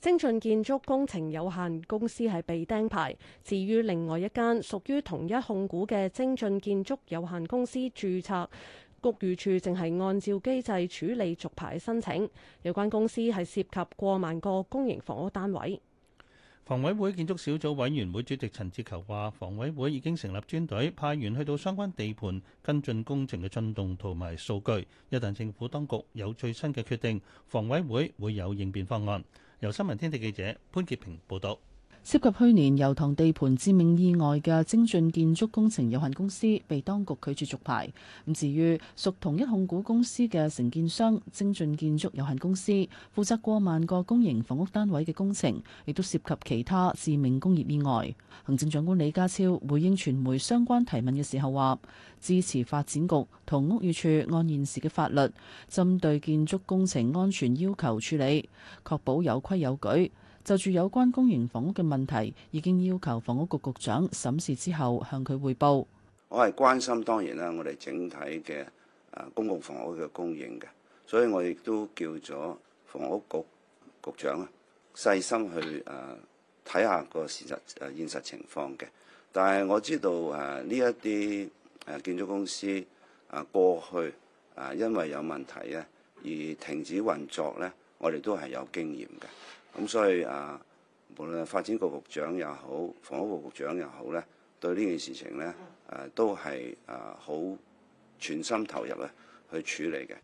精進建築工程有限公司係被釘牌。至於另外一間屬於同一控股嘅精進建築有限公司註冊，局預處淨係按照機制處理續牌申請。有關公司係涉及過萬個公營房屋單位。房委會建築小組委員會主席陳志球話，房委會已經成立專隊，派員去到相關地盤跟進工程嘅進度同埋數據。一旦政府當局有最新嘅決定，房委會會有應變方案。由新聞天地記者潘潔平報道。涉及去年油塘地盤致命意外嘅精進建築工程有限公司被當局拒絕續牌。咁至於屬同一控股公司嘅承建商精進建築有限公司，負責過萬個公營房屋單位嘅工程，亦都涉及其他致命工業意外。行政長官李家超回應傳媒相關提問嘅時候話：支持發展局同屋宇署按現時嘅法律，針對建築工程安全要求處理，確保有規有矩。就住有關公營房屋嘅問題，已經要求房屋局局長審視之後向佢匯報。我係關心當然啦，我哋整體嘅啊公共房屋嘅供應嘅，所以我亦都叫咗房屋局局長啊，細心去啊睇下個事實啊、呃、現實情況嘅。但係我知道誒呢一啲誒建築公司啊過去啊因為有問題咧而停止運作咧，我哋都係有經驗嘅。咁、嗯、所以啊，無論發展局局長也好，房屋局局長也好咧，對呢件事情呢誒、啊、都係誒好全心投入咧去處理嘅。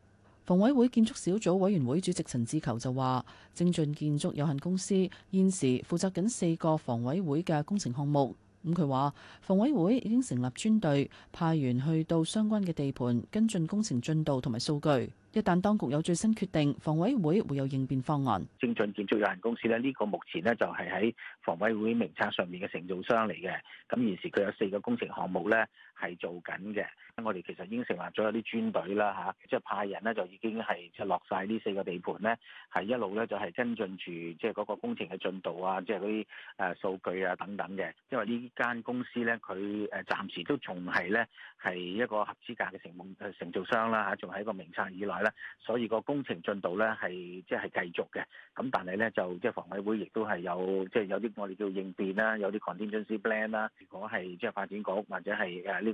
房委會建築小組委員會主席陳志球就話，精進建築有限公司現時負責緊四個房委會嘅工程項目。咁佢話，房委會已經成立專隊，派員去到相關嘅地盤跟進工程進度同埋數據。一旦當局有最新決定，房委會會有應變方案。精進建築有限公司咧，呢、這個目前咧就係喺房委會名冊上面嘅承造商嚟嘅。咁現時佢有四個工程項目咧。係做緊嘅，我哋其實已經成立咗一啲專隊啦嚇，即係派人咧就已經係即係落晒呢四個地盤咧，係一路咧就係跟進住即係嗰個工程嘅進度啊，即係嗰啲誒數據啊等等嘅。因為呢間公司咧，佢誒暫時都仲係咧係一個合資格嘅承蒙承造商啦嚇，仲喺一個名冊以內咧，所以個工程進度咧係即係繼續嘅。咁但係咧就即係房委會亦都係有即係有啲我哋叫應變啦，有啲 Contingency plan 啦。如果係即係發展局或者係誒呢？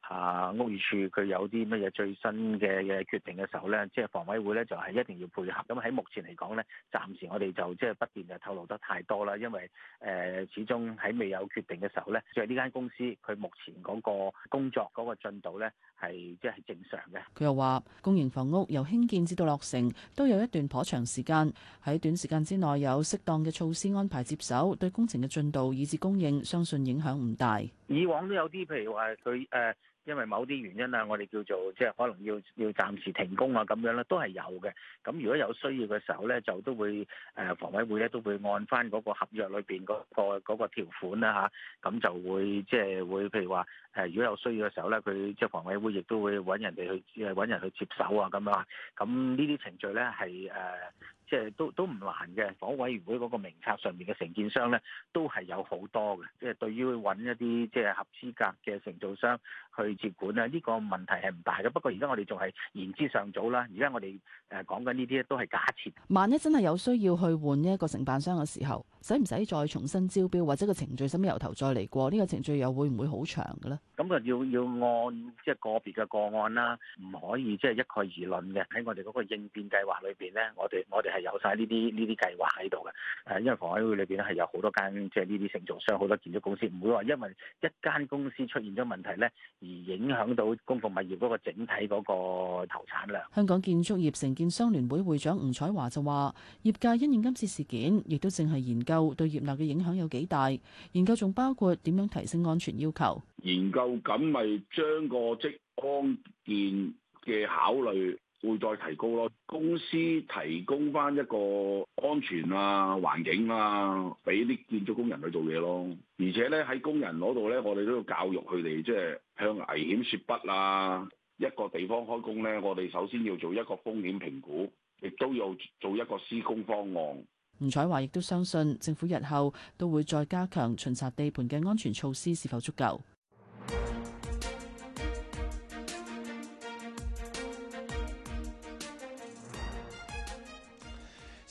啊，屋宇署佢有啲乜嘢最新嘅嘅決定嘅時候呢？即係房委會呢，就係一定要配合。咁喺目前嚟講呢，暫時我哋就即係不便就透露得太多啦。因為誒，始終喺未有決定嘅時候呢，就係呢間公司佢目前嗰個工作嗰個進度呢，係即係正常嘅。佢又話，公營房屋由興建至到落成都有一段頗長時間，喺短時間之內有適當嘅措施安排接手，對工程嘅進度以至供應，相信影響唔大。以往都有啲譬如話佢誒。因為某啲原因啊，我哋叫做即係可能要要暫時停工啊咁樣咧，都係有嘅。咁如果有需要嘅時候咧，就都會誒房委會咧都會按翻嗰個合約裏邊嗰個嗰個條款啦嚇。咁就會即係會譬如話誒，如果有需要嘅時候咧，佢即係房委會亦都會揾人哋去誒揾人去接手啊咁樣。咁呢啲程序咧係誒即係都都唔難嘅。房屋委員會嗰個名冊上面嘅承建商咧都係有好多嘅，即係對於揾一啲即係合資格嘅承造商。去接管咧，呢個問題係唔大嘅。不過而家我哋仲係言之尚早啦。而家我哋誒講緊呢啲都係假設。萬一真係有需要去換一個承辦商嘅時候，使唔使再重新招標，或者個程序使唔使由頭再嚟過？呢個程序又會唔會好長嘅咧？咁啊，要要按即係個別嘅個案啦，唔可以即係一概而論嘅。喺我哋嗰個應變計劃裏邊咧，我哋我哋係有晒呢啲呢啲計劃喺度嘅。誒，因為房委會裏邊咧係有好多間即係呢啲承造商，好多建築公司，唔會話因為一間公司出現咗問題咧。而影響到公共物業嗰個整體嗰個投產量。香港建築業承建商聯會會長吳彩華就話：業界因應今次事件，亦都淨係研究對業內嘅影響有幾大。研究仲包括點樣提升安全要求。研究緊咪將個職安健嘅考慮。會再提高咯，公司提供翻一個安全啊環境啊，俾啲建築工人去做嘢咯。而且咧喺工人嗰度咧，我哋都要教育佢哋，即係向危險説不啊。一個地方開工咧，我哋首先要做一個風險評估，亦都要做一個施工方案。吳彩華亦都相信政府日後都會再加強巡查地盤嘅安全措施是否足夠。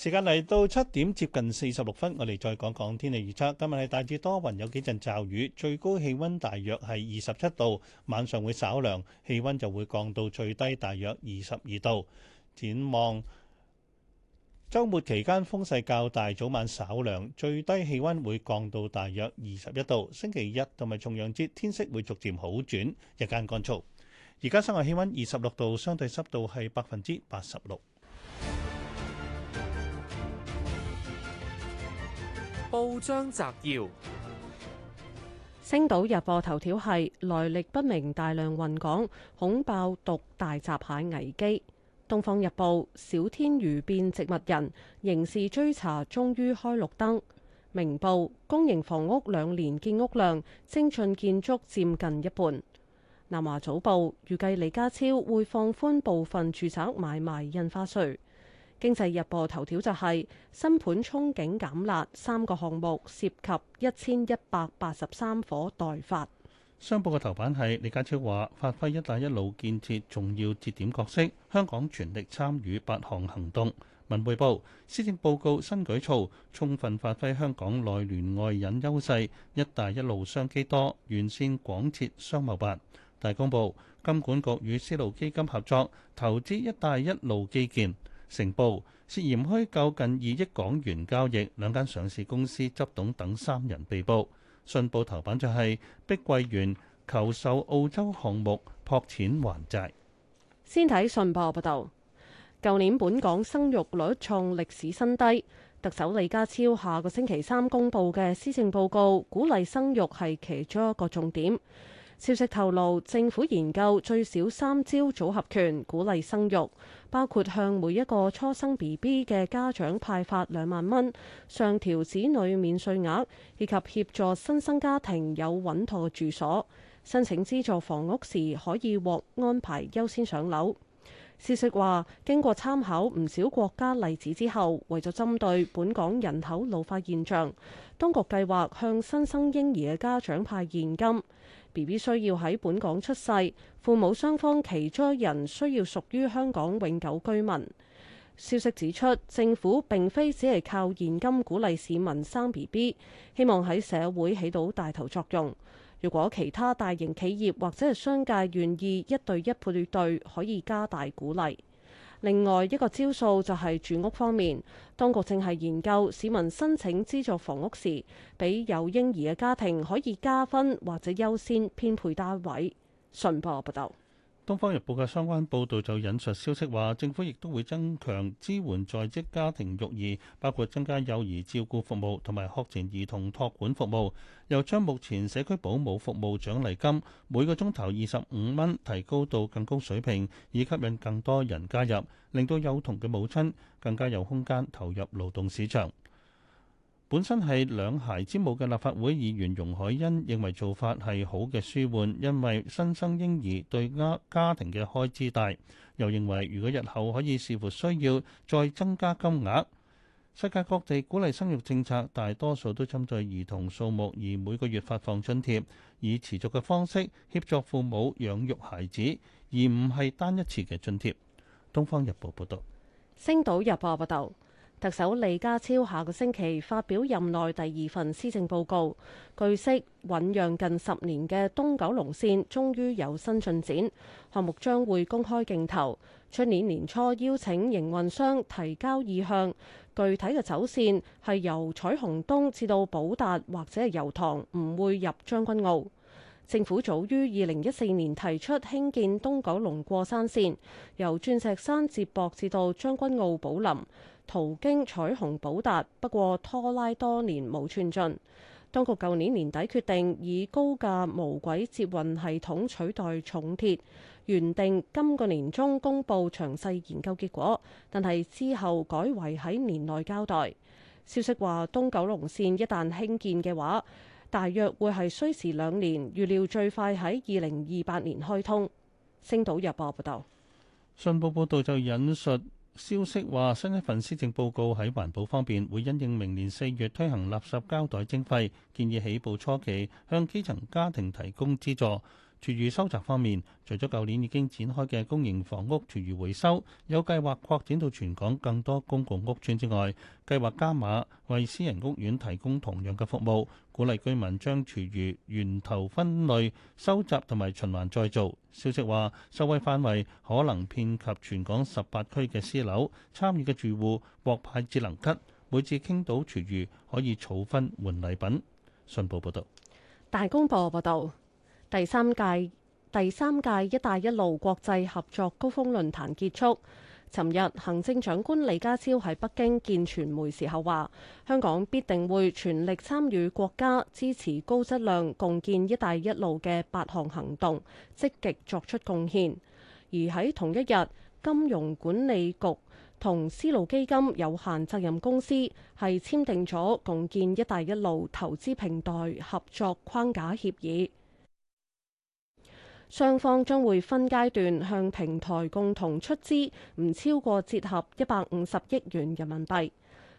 時間嚟到七點，接近四十六分，我哋再講講天氣預測。今日係大致多雲，有幾陣驟雨，最高氣温大約係二十七度，晚上會稍涼，氣温就會降到最低大約二十二度。展望週末期間，風勢較大，早晚稍涼，最低氣温會降到大約二十一度。星期一同埋重陽節，天色會逐漸好轉，日間乾燥。而家室外氣温二十六度，相對濕度係百分之八十六。報章摘要：《星島日報》頭條係來歷不明大量運港，恐爆毒大閘蟹危機。《東方日報》小天魚變植物人，刑事追查終於開綠燈。《明報》公營房屋兩年建屋量，精進建築佔近一半。《南華早報》預計李家超會放寬部分住宅買賣印花稅。《經濟日報》頭條就係、是、新盤憧憬減辣，三個項目涉及一千一百八十三伙待發。商報嘅頭版係李家超話：發揮「一帶一路」建設重要節點角色，香港全力參與八項行動。文匯報施政報告新舉措，充分發揮香港內聯外引優勢，「一帶一路」商機多，完善廣設商貿辦。大公報金管局與絲路基金合作投資「一帶一路」基建。成報涉嫌虛構近二億港元交易，兩間上市公司執董等三人被捕。信報頭版就係、是、碧桂園求售澳洲項目，撲錢還債。先睇信報報道，舊年本港生育率創歷史新低。特首李家超下個星期三公布嘅施政報告，鼓勵生育係其中一個重點。消息透露，政府研究最少三招組合拳鼓勵生育，包括向每一個初生 BB 嘅家長派發兩萬蚊，上調子女免稅額，以及協助新生家庭有穩妥住所。申請資助房屋時可以獲安排優先上樓。消息話，經過參考唔少國家例子之後，為咗針對本港人口老化現象，當局計劃向新生嬰兒嘅家長派現金。B B 需要喺本港出世，父母雙方其中一人需要屬於香港永久居民。消息指出，政府並非只係靠現金鼓勵市民生 B B，希望喺社會起到帶頭作用。如果其他大型企業或者係商界願意一對一配對，可以加大鼓勵。另外一個招數就係住屋方面，當局正係研究市民申請資助房屋時，俾有嬰兒嘅家庭可以加分或者優先編配單位。信報報道。《東方日報》嘅相關報道就引述消息話，政府亦都會增強支援在職家庭育兒，包括增加幼兒照顧服務同埋學前兒童托管服務，又將目前社區保姆服務獎勵金每個鐘頭二十五蚊提高到更高水平，以吸引更多人加入，令到幼童嘅母親更加有空間投入勞動市場。本身係兩孩之母嘅立法會議員容海恩認為做法係好嘅舒緩，因為新生嬰兒對家家庭嘅開支大，又認為如果日後可以視乎需要再增加金額。世界各地鼓勵生育政策大多數都針對兒童數目，而每個月發放津貼，以持續嘅方式協助父母養育孩子，而唔係單一次嘅津貼。《東方日報》報道。《星島日報》報道。特首李家超下個星期發表任內第二份施政報告，據悉，醞釀近十年嘅東九龍線終於有新進展，項目將會公開競投，出年年初邀請營運商提交意向。具體嘅走線係由彩虹東至到寶達或者係油塘，唔會入將軍澳。政府早於二零一四年提出興建東九龍過山線，由鑽石山接駁至到將軍澳寶林。途經彩虹、寶達，不過拖拉多年冇寸進。當局舊年年底決定以高價無軌捷運系統取代重鐵，原定今個年中公布詳細研究結果，但係之後改為喺年內交代。消息話東九龍線一旦興建嘅話，大約會係需時兩年，預料最快喺二零二八年開通。星島日報報道，信報報道就引述。消息話，新一份施政報告喺環保方面會因應明年四月推行垃圾膠袋徵費，建議起步初期向基層家庭提供資助。廚餘收集方面，除咗舊年已經展開嘅公營房屋廚餘回收，有計劃擴展到全港更多公共屋邨之外，計劃加碼為私人屋苑提供同樣嘅服務，鼓勵居民將廚餘源頭分類收集同埋循環再造。消息話，受惠範圍可能遍及全港十八區嘅私樓，參與嘅住戶獲派智能卡，每次傾倒廚餘可以儲分換禮品。信報報道。大公報報道。第三屆第三屆“三屆一帶一路”國際合作高峰論壇結束。尋日，行政長官李家超喺北京見傳媒時候話：香港必定會全力參與國家支持高質量共建“一帶一路”嘅八項行動，積極作出貢獻。而喺同一日，金融管理局同絲路基金有限責任公司係簽訂咗共建“一帶一路”投資平台合作框架協議。雙方將會分階段向平台共同出資，唔超過折合一百五十億元人民幣。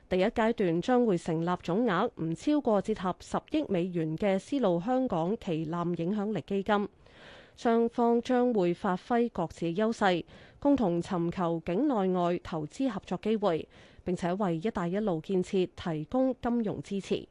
第一階段將會成立總額唔超過折合十億美元嘅絲路香港旗艦影響力基金。雙方將會發揮各自優勢，共同尋求境內外投資合作機會，並且為一帶一路建設提供金融支持。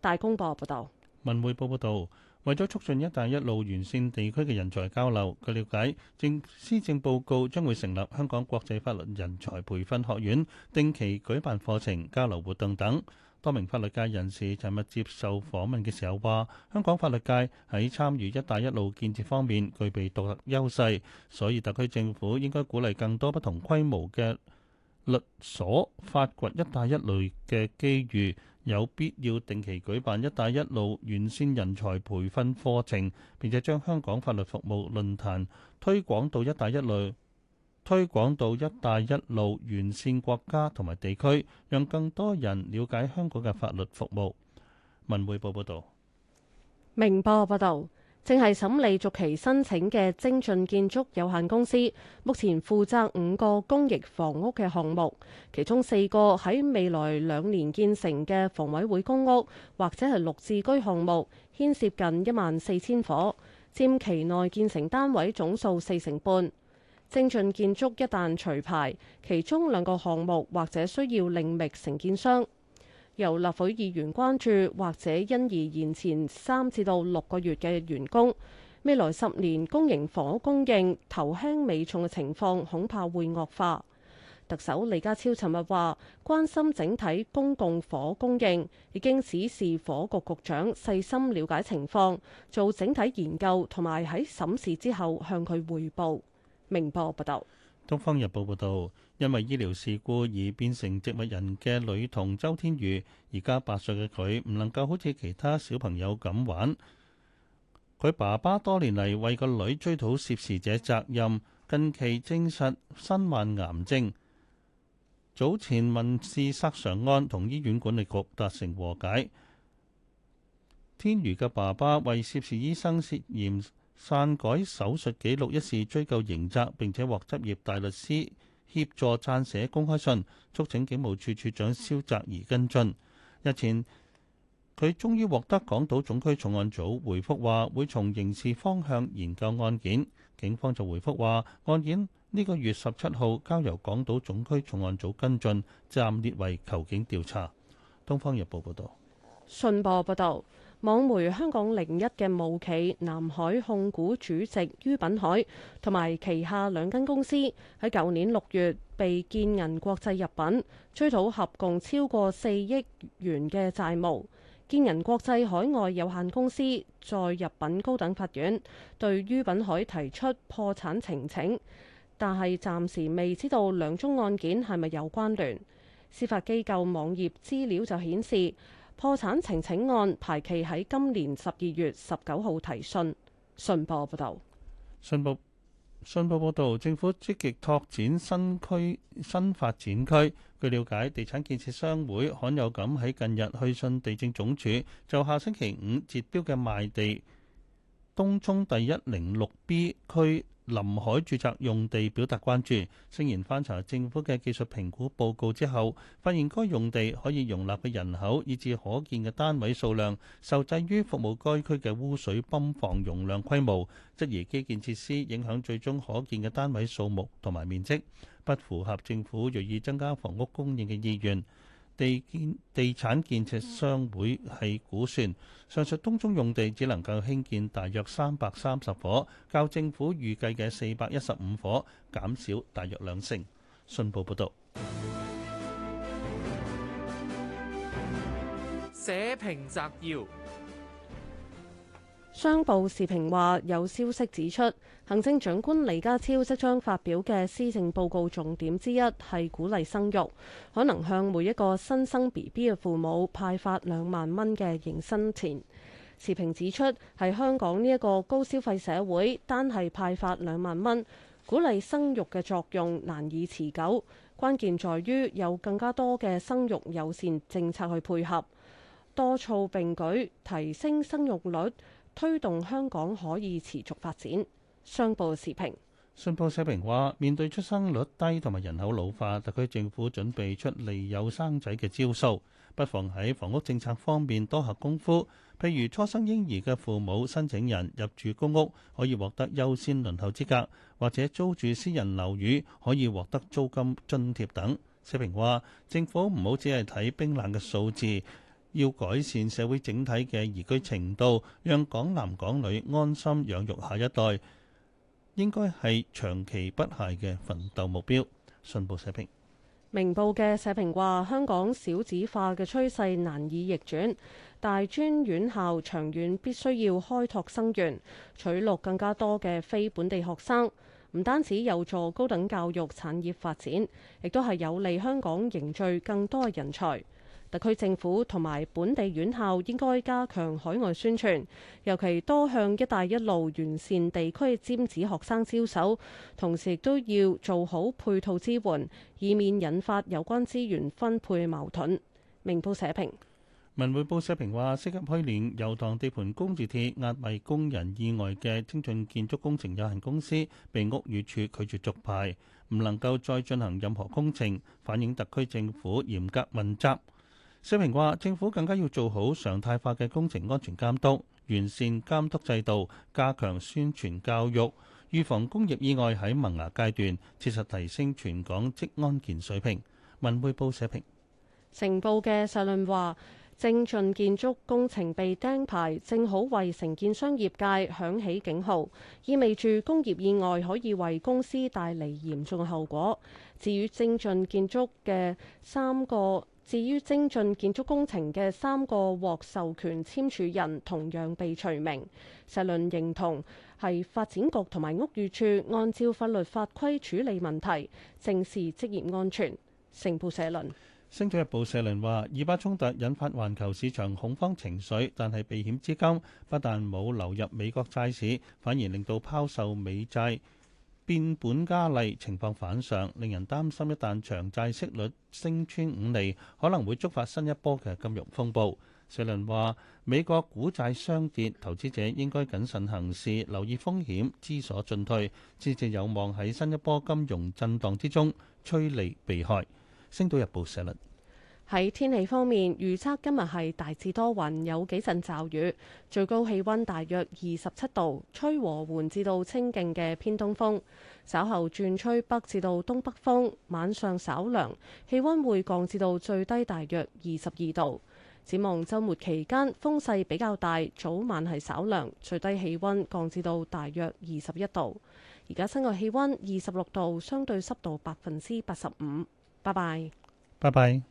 大公報、啊、報道，文匯報報道。為咗促進「一帶一路」沿線地區嘅人才交流，據瞭解，政施政報告將會成立香港國際法律人才培訓學院，定期舉辦課程、交流活動等。多名法律界人士尋日接受訪問嘅時候話，香港法律界喺參與「一帶一路」建設方面具備獨特優勢，所以特區政府應該鼓勵更多不同規模嘅律所發掘「一帶一路」嘅機遇。有必要定期舉辦「一帶一路」沿線人才培訓課程，並且將香港法律服務論壇推廣到「一帶一路」，推廣到「一帶一路」沿線國家同埋地區，讓更多人了解香港嘅法律服務。文匯報報道。明報報道。正係審理續期申請嘅精進建築有限公司，目前負責五個公營房屋嘅項目，其中四個喺未來兩年建成嘅房委會公屋或者係綠置居項目，牽涉近一萬四千伙，佔期內建成單位總數四成半。精進建築一旦除牌，其中兩個項目或者需要另覓承建商。由立法會議員關注，或者因而延前三至到六個月嘅完工。未來十年公營房屋供應頭輕尾重嘅情況恐怕會惡化。特首李家超尋日話，關心整體公共房屋供應，已經指示房屋局局長細心了解情況，做整體研究同埋喺審視之後向佢彙報。明報報道。東方日報報道。因為醫療事故而變成植物人嘅女童周天瑜，而家八歲嘅佢唔能夠好似其他小朋友咁玩。佢爸爸多年嚟為個女追討涉事者責任，近期證實身患癌症。早前民事索償案同醫院管理局達成和解。天瑜嘅爸爸為涉事醫生涉嫌篡改手術記錄一事追究刑責，並且獲執業大律師。協助撰寫公開信，促請警務處處長蕭澤頤跟進。日前佢終於獲得港島總區重案組回覆，話會從刑事方向研究案件。警方就回覆話，案件呢、這個月十七號交由港島總區重案組跟進，暫列為求警調查。《東方日報，報》報道，信報報道。網媒香港零一嘅母企南海控股主席于品海同埋旗下兩間公司喺舊年六月被建銀國際入稟，追討合共超過四億元嘅債務。建銀國際海外有限公司在入稟高等法院，對于品海提出破產呈請，但係暫時未知道兩宗案件係咪有關聯？司法機構網頁資料就顯示。破產呈請案排期喺今年十二月十九號提訊。信報報道：報，信報信報報導，政府積極拓展新區新發展區。據了解，地產建設商會罕有咁喺近日去信地政總署，就下星期五截標嘅賣地東涌第一零六 B 區。臨海住宅用地表達關注，聲言翻查政府嘅技術評估報告之後，發現該用地可以容納嘅人口以至可見嘅單位數量，受制於服務該區嘅污水泵房容量規模，質疑基建設施影響最終可見嘅單位數目同埋面積，不符合政府願意增加房屋供應嘅意願。地建地產建設商會係估算，上述東涌用地只能夠興建大約三百三十伙，較政府預計嘅四百一十五伙減少大約兩成。信報報導。社評摘要。商報時評話：有消息指出，行政長官李家超即將發表嘅施政報告重點之一係鼓勵生育，可能向每一個新生 B B 嘅父母派發兩萬蚊嘅迎新錢。時評指出，喺香港呢一個高消費社會，單係派發兩萬蚊鼓勵生育嘅作用難以持久，關鍵在於有更加多嘅生育友善政策去配合，多措並舉提升生育率。推動香港可以持續發展。商報社評，信報社評話，面對出生率低同埋人口老化，特區政府準備出利誘生仔嘅招數，不妨喺房屋政策方面多下功夫，譬如初生嬰兒嘅父母申請人入住公屋可以獲得優先輪候資格，或者租住私人樓宇可以獲得租金津貼等。社評話政府唔好只係睇冰冷嘅數字。要改善社會整體嘅宜居程度，讓港男港女安心養育下一代，應該係長期不懈嘅奮鬥目標。信報社評。明報嘅社評話：香港少子化嘅趨勢難以逆轉，大專院校長遠必須要開拓生源，取錄更加多嘅非本地學生。唔單止有助高等教育產業發展，亦都係有利香港凝聚更多人才。特區政府同埋本地院校應該加強海外宣傳，尤其多向“一帶一路”完善地區尖子學生招手，同時亦都要做好配套支援，以免引發有關資源分配矛盾。明報社評。文匯報社評話：涉及去年油塘地盤工字鐵壓埋工人意外嘅精進建築工程有限公司，被屋宇署拒絕續續牌，唔能夠再進行任何工程，反映特區政府嚴格問責。社評話：政府更加要做好常態化嘅工程安全監督，完善監督制度，加強宣傳教育，預防工業意外喺萌芽階段，切實提升全港職安健水平。文匯報社評，成報嘅社論話：精進建築工程被釘牌，正好為城建商業界響起警號，意味住工業意外可以為公司帶嚟嚴重後果。至於精進建築嘅三個。至於精進建築工程嘅三個獲授權簽署人同樣被除名。社論認同係發展局同埋屋宇署按照法律法規處理問題，正視職業安全。成報社論，星島日報社論話：以巴衝突引發環球市場恐慌情緒，但係避險資金不但冇流入美國債市，反而令到拋售美債。變本加厲，情況反常，令人擔心。一旦長債息率升穿五厘，可能會觸發新一波嘅金融風暴。社論話：美國股債雙跌，投資者應該謹慎行事，留意風險，知所進退，先至有望喺新一波金融震盪之中趨利避害。星島日報社論。喺天氣方面，預測今日係大致多雲，有幾陣驟雨，最高氣温大約二十七度，吹和緩至到清勁嘅偏東風。稍後轉吹北至到東北風，晚上稍涼，氣温會降至到最低大約二十二度。展望週末期間風勢比較大，早晚係稍涼，最低氣温降至到大約二十一度。而家室外氣温二十六度，相對濕度百分之八十五。拜拜，拜拜。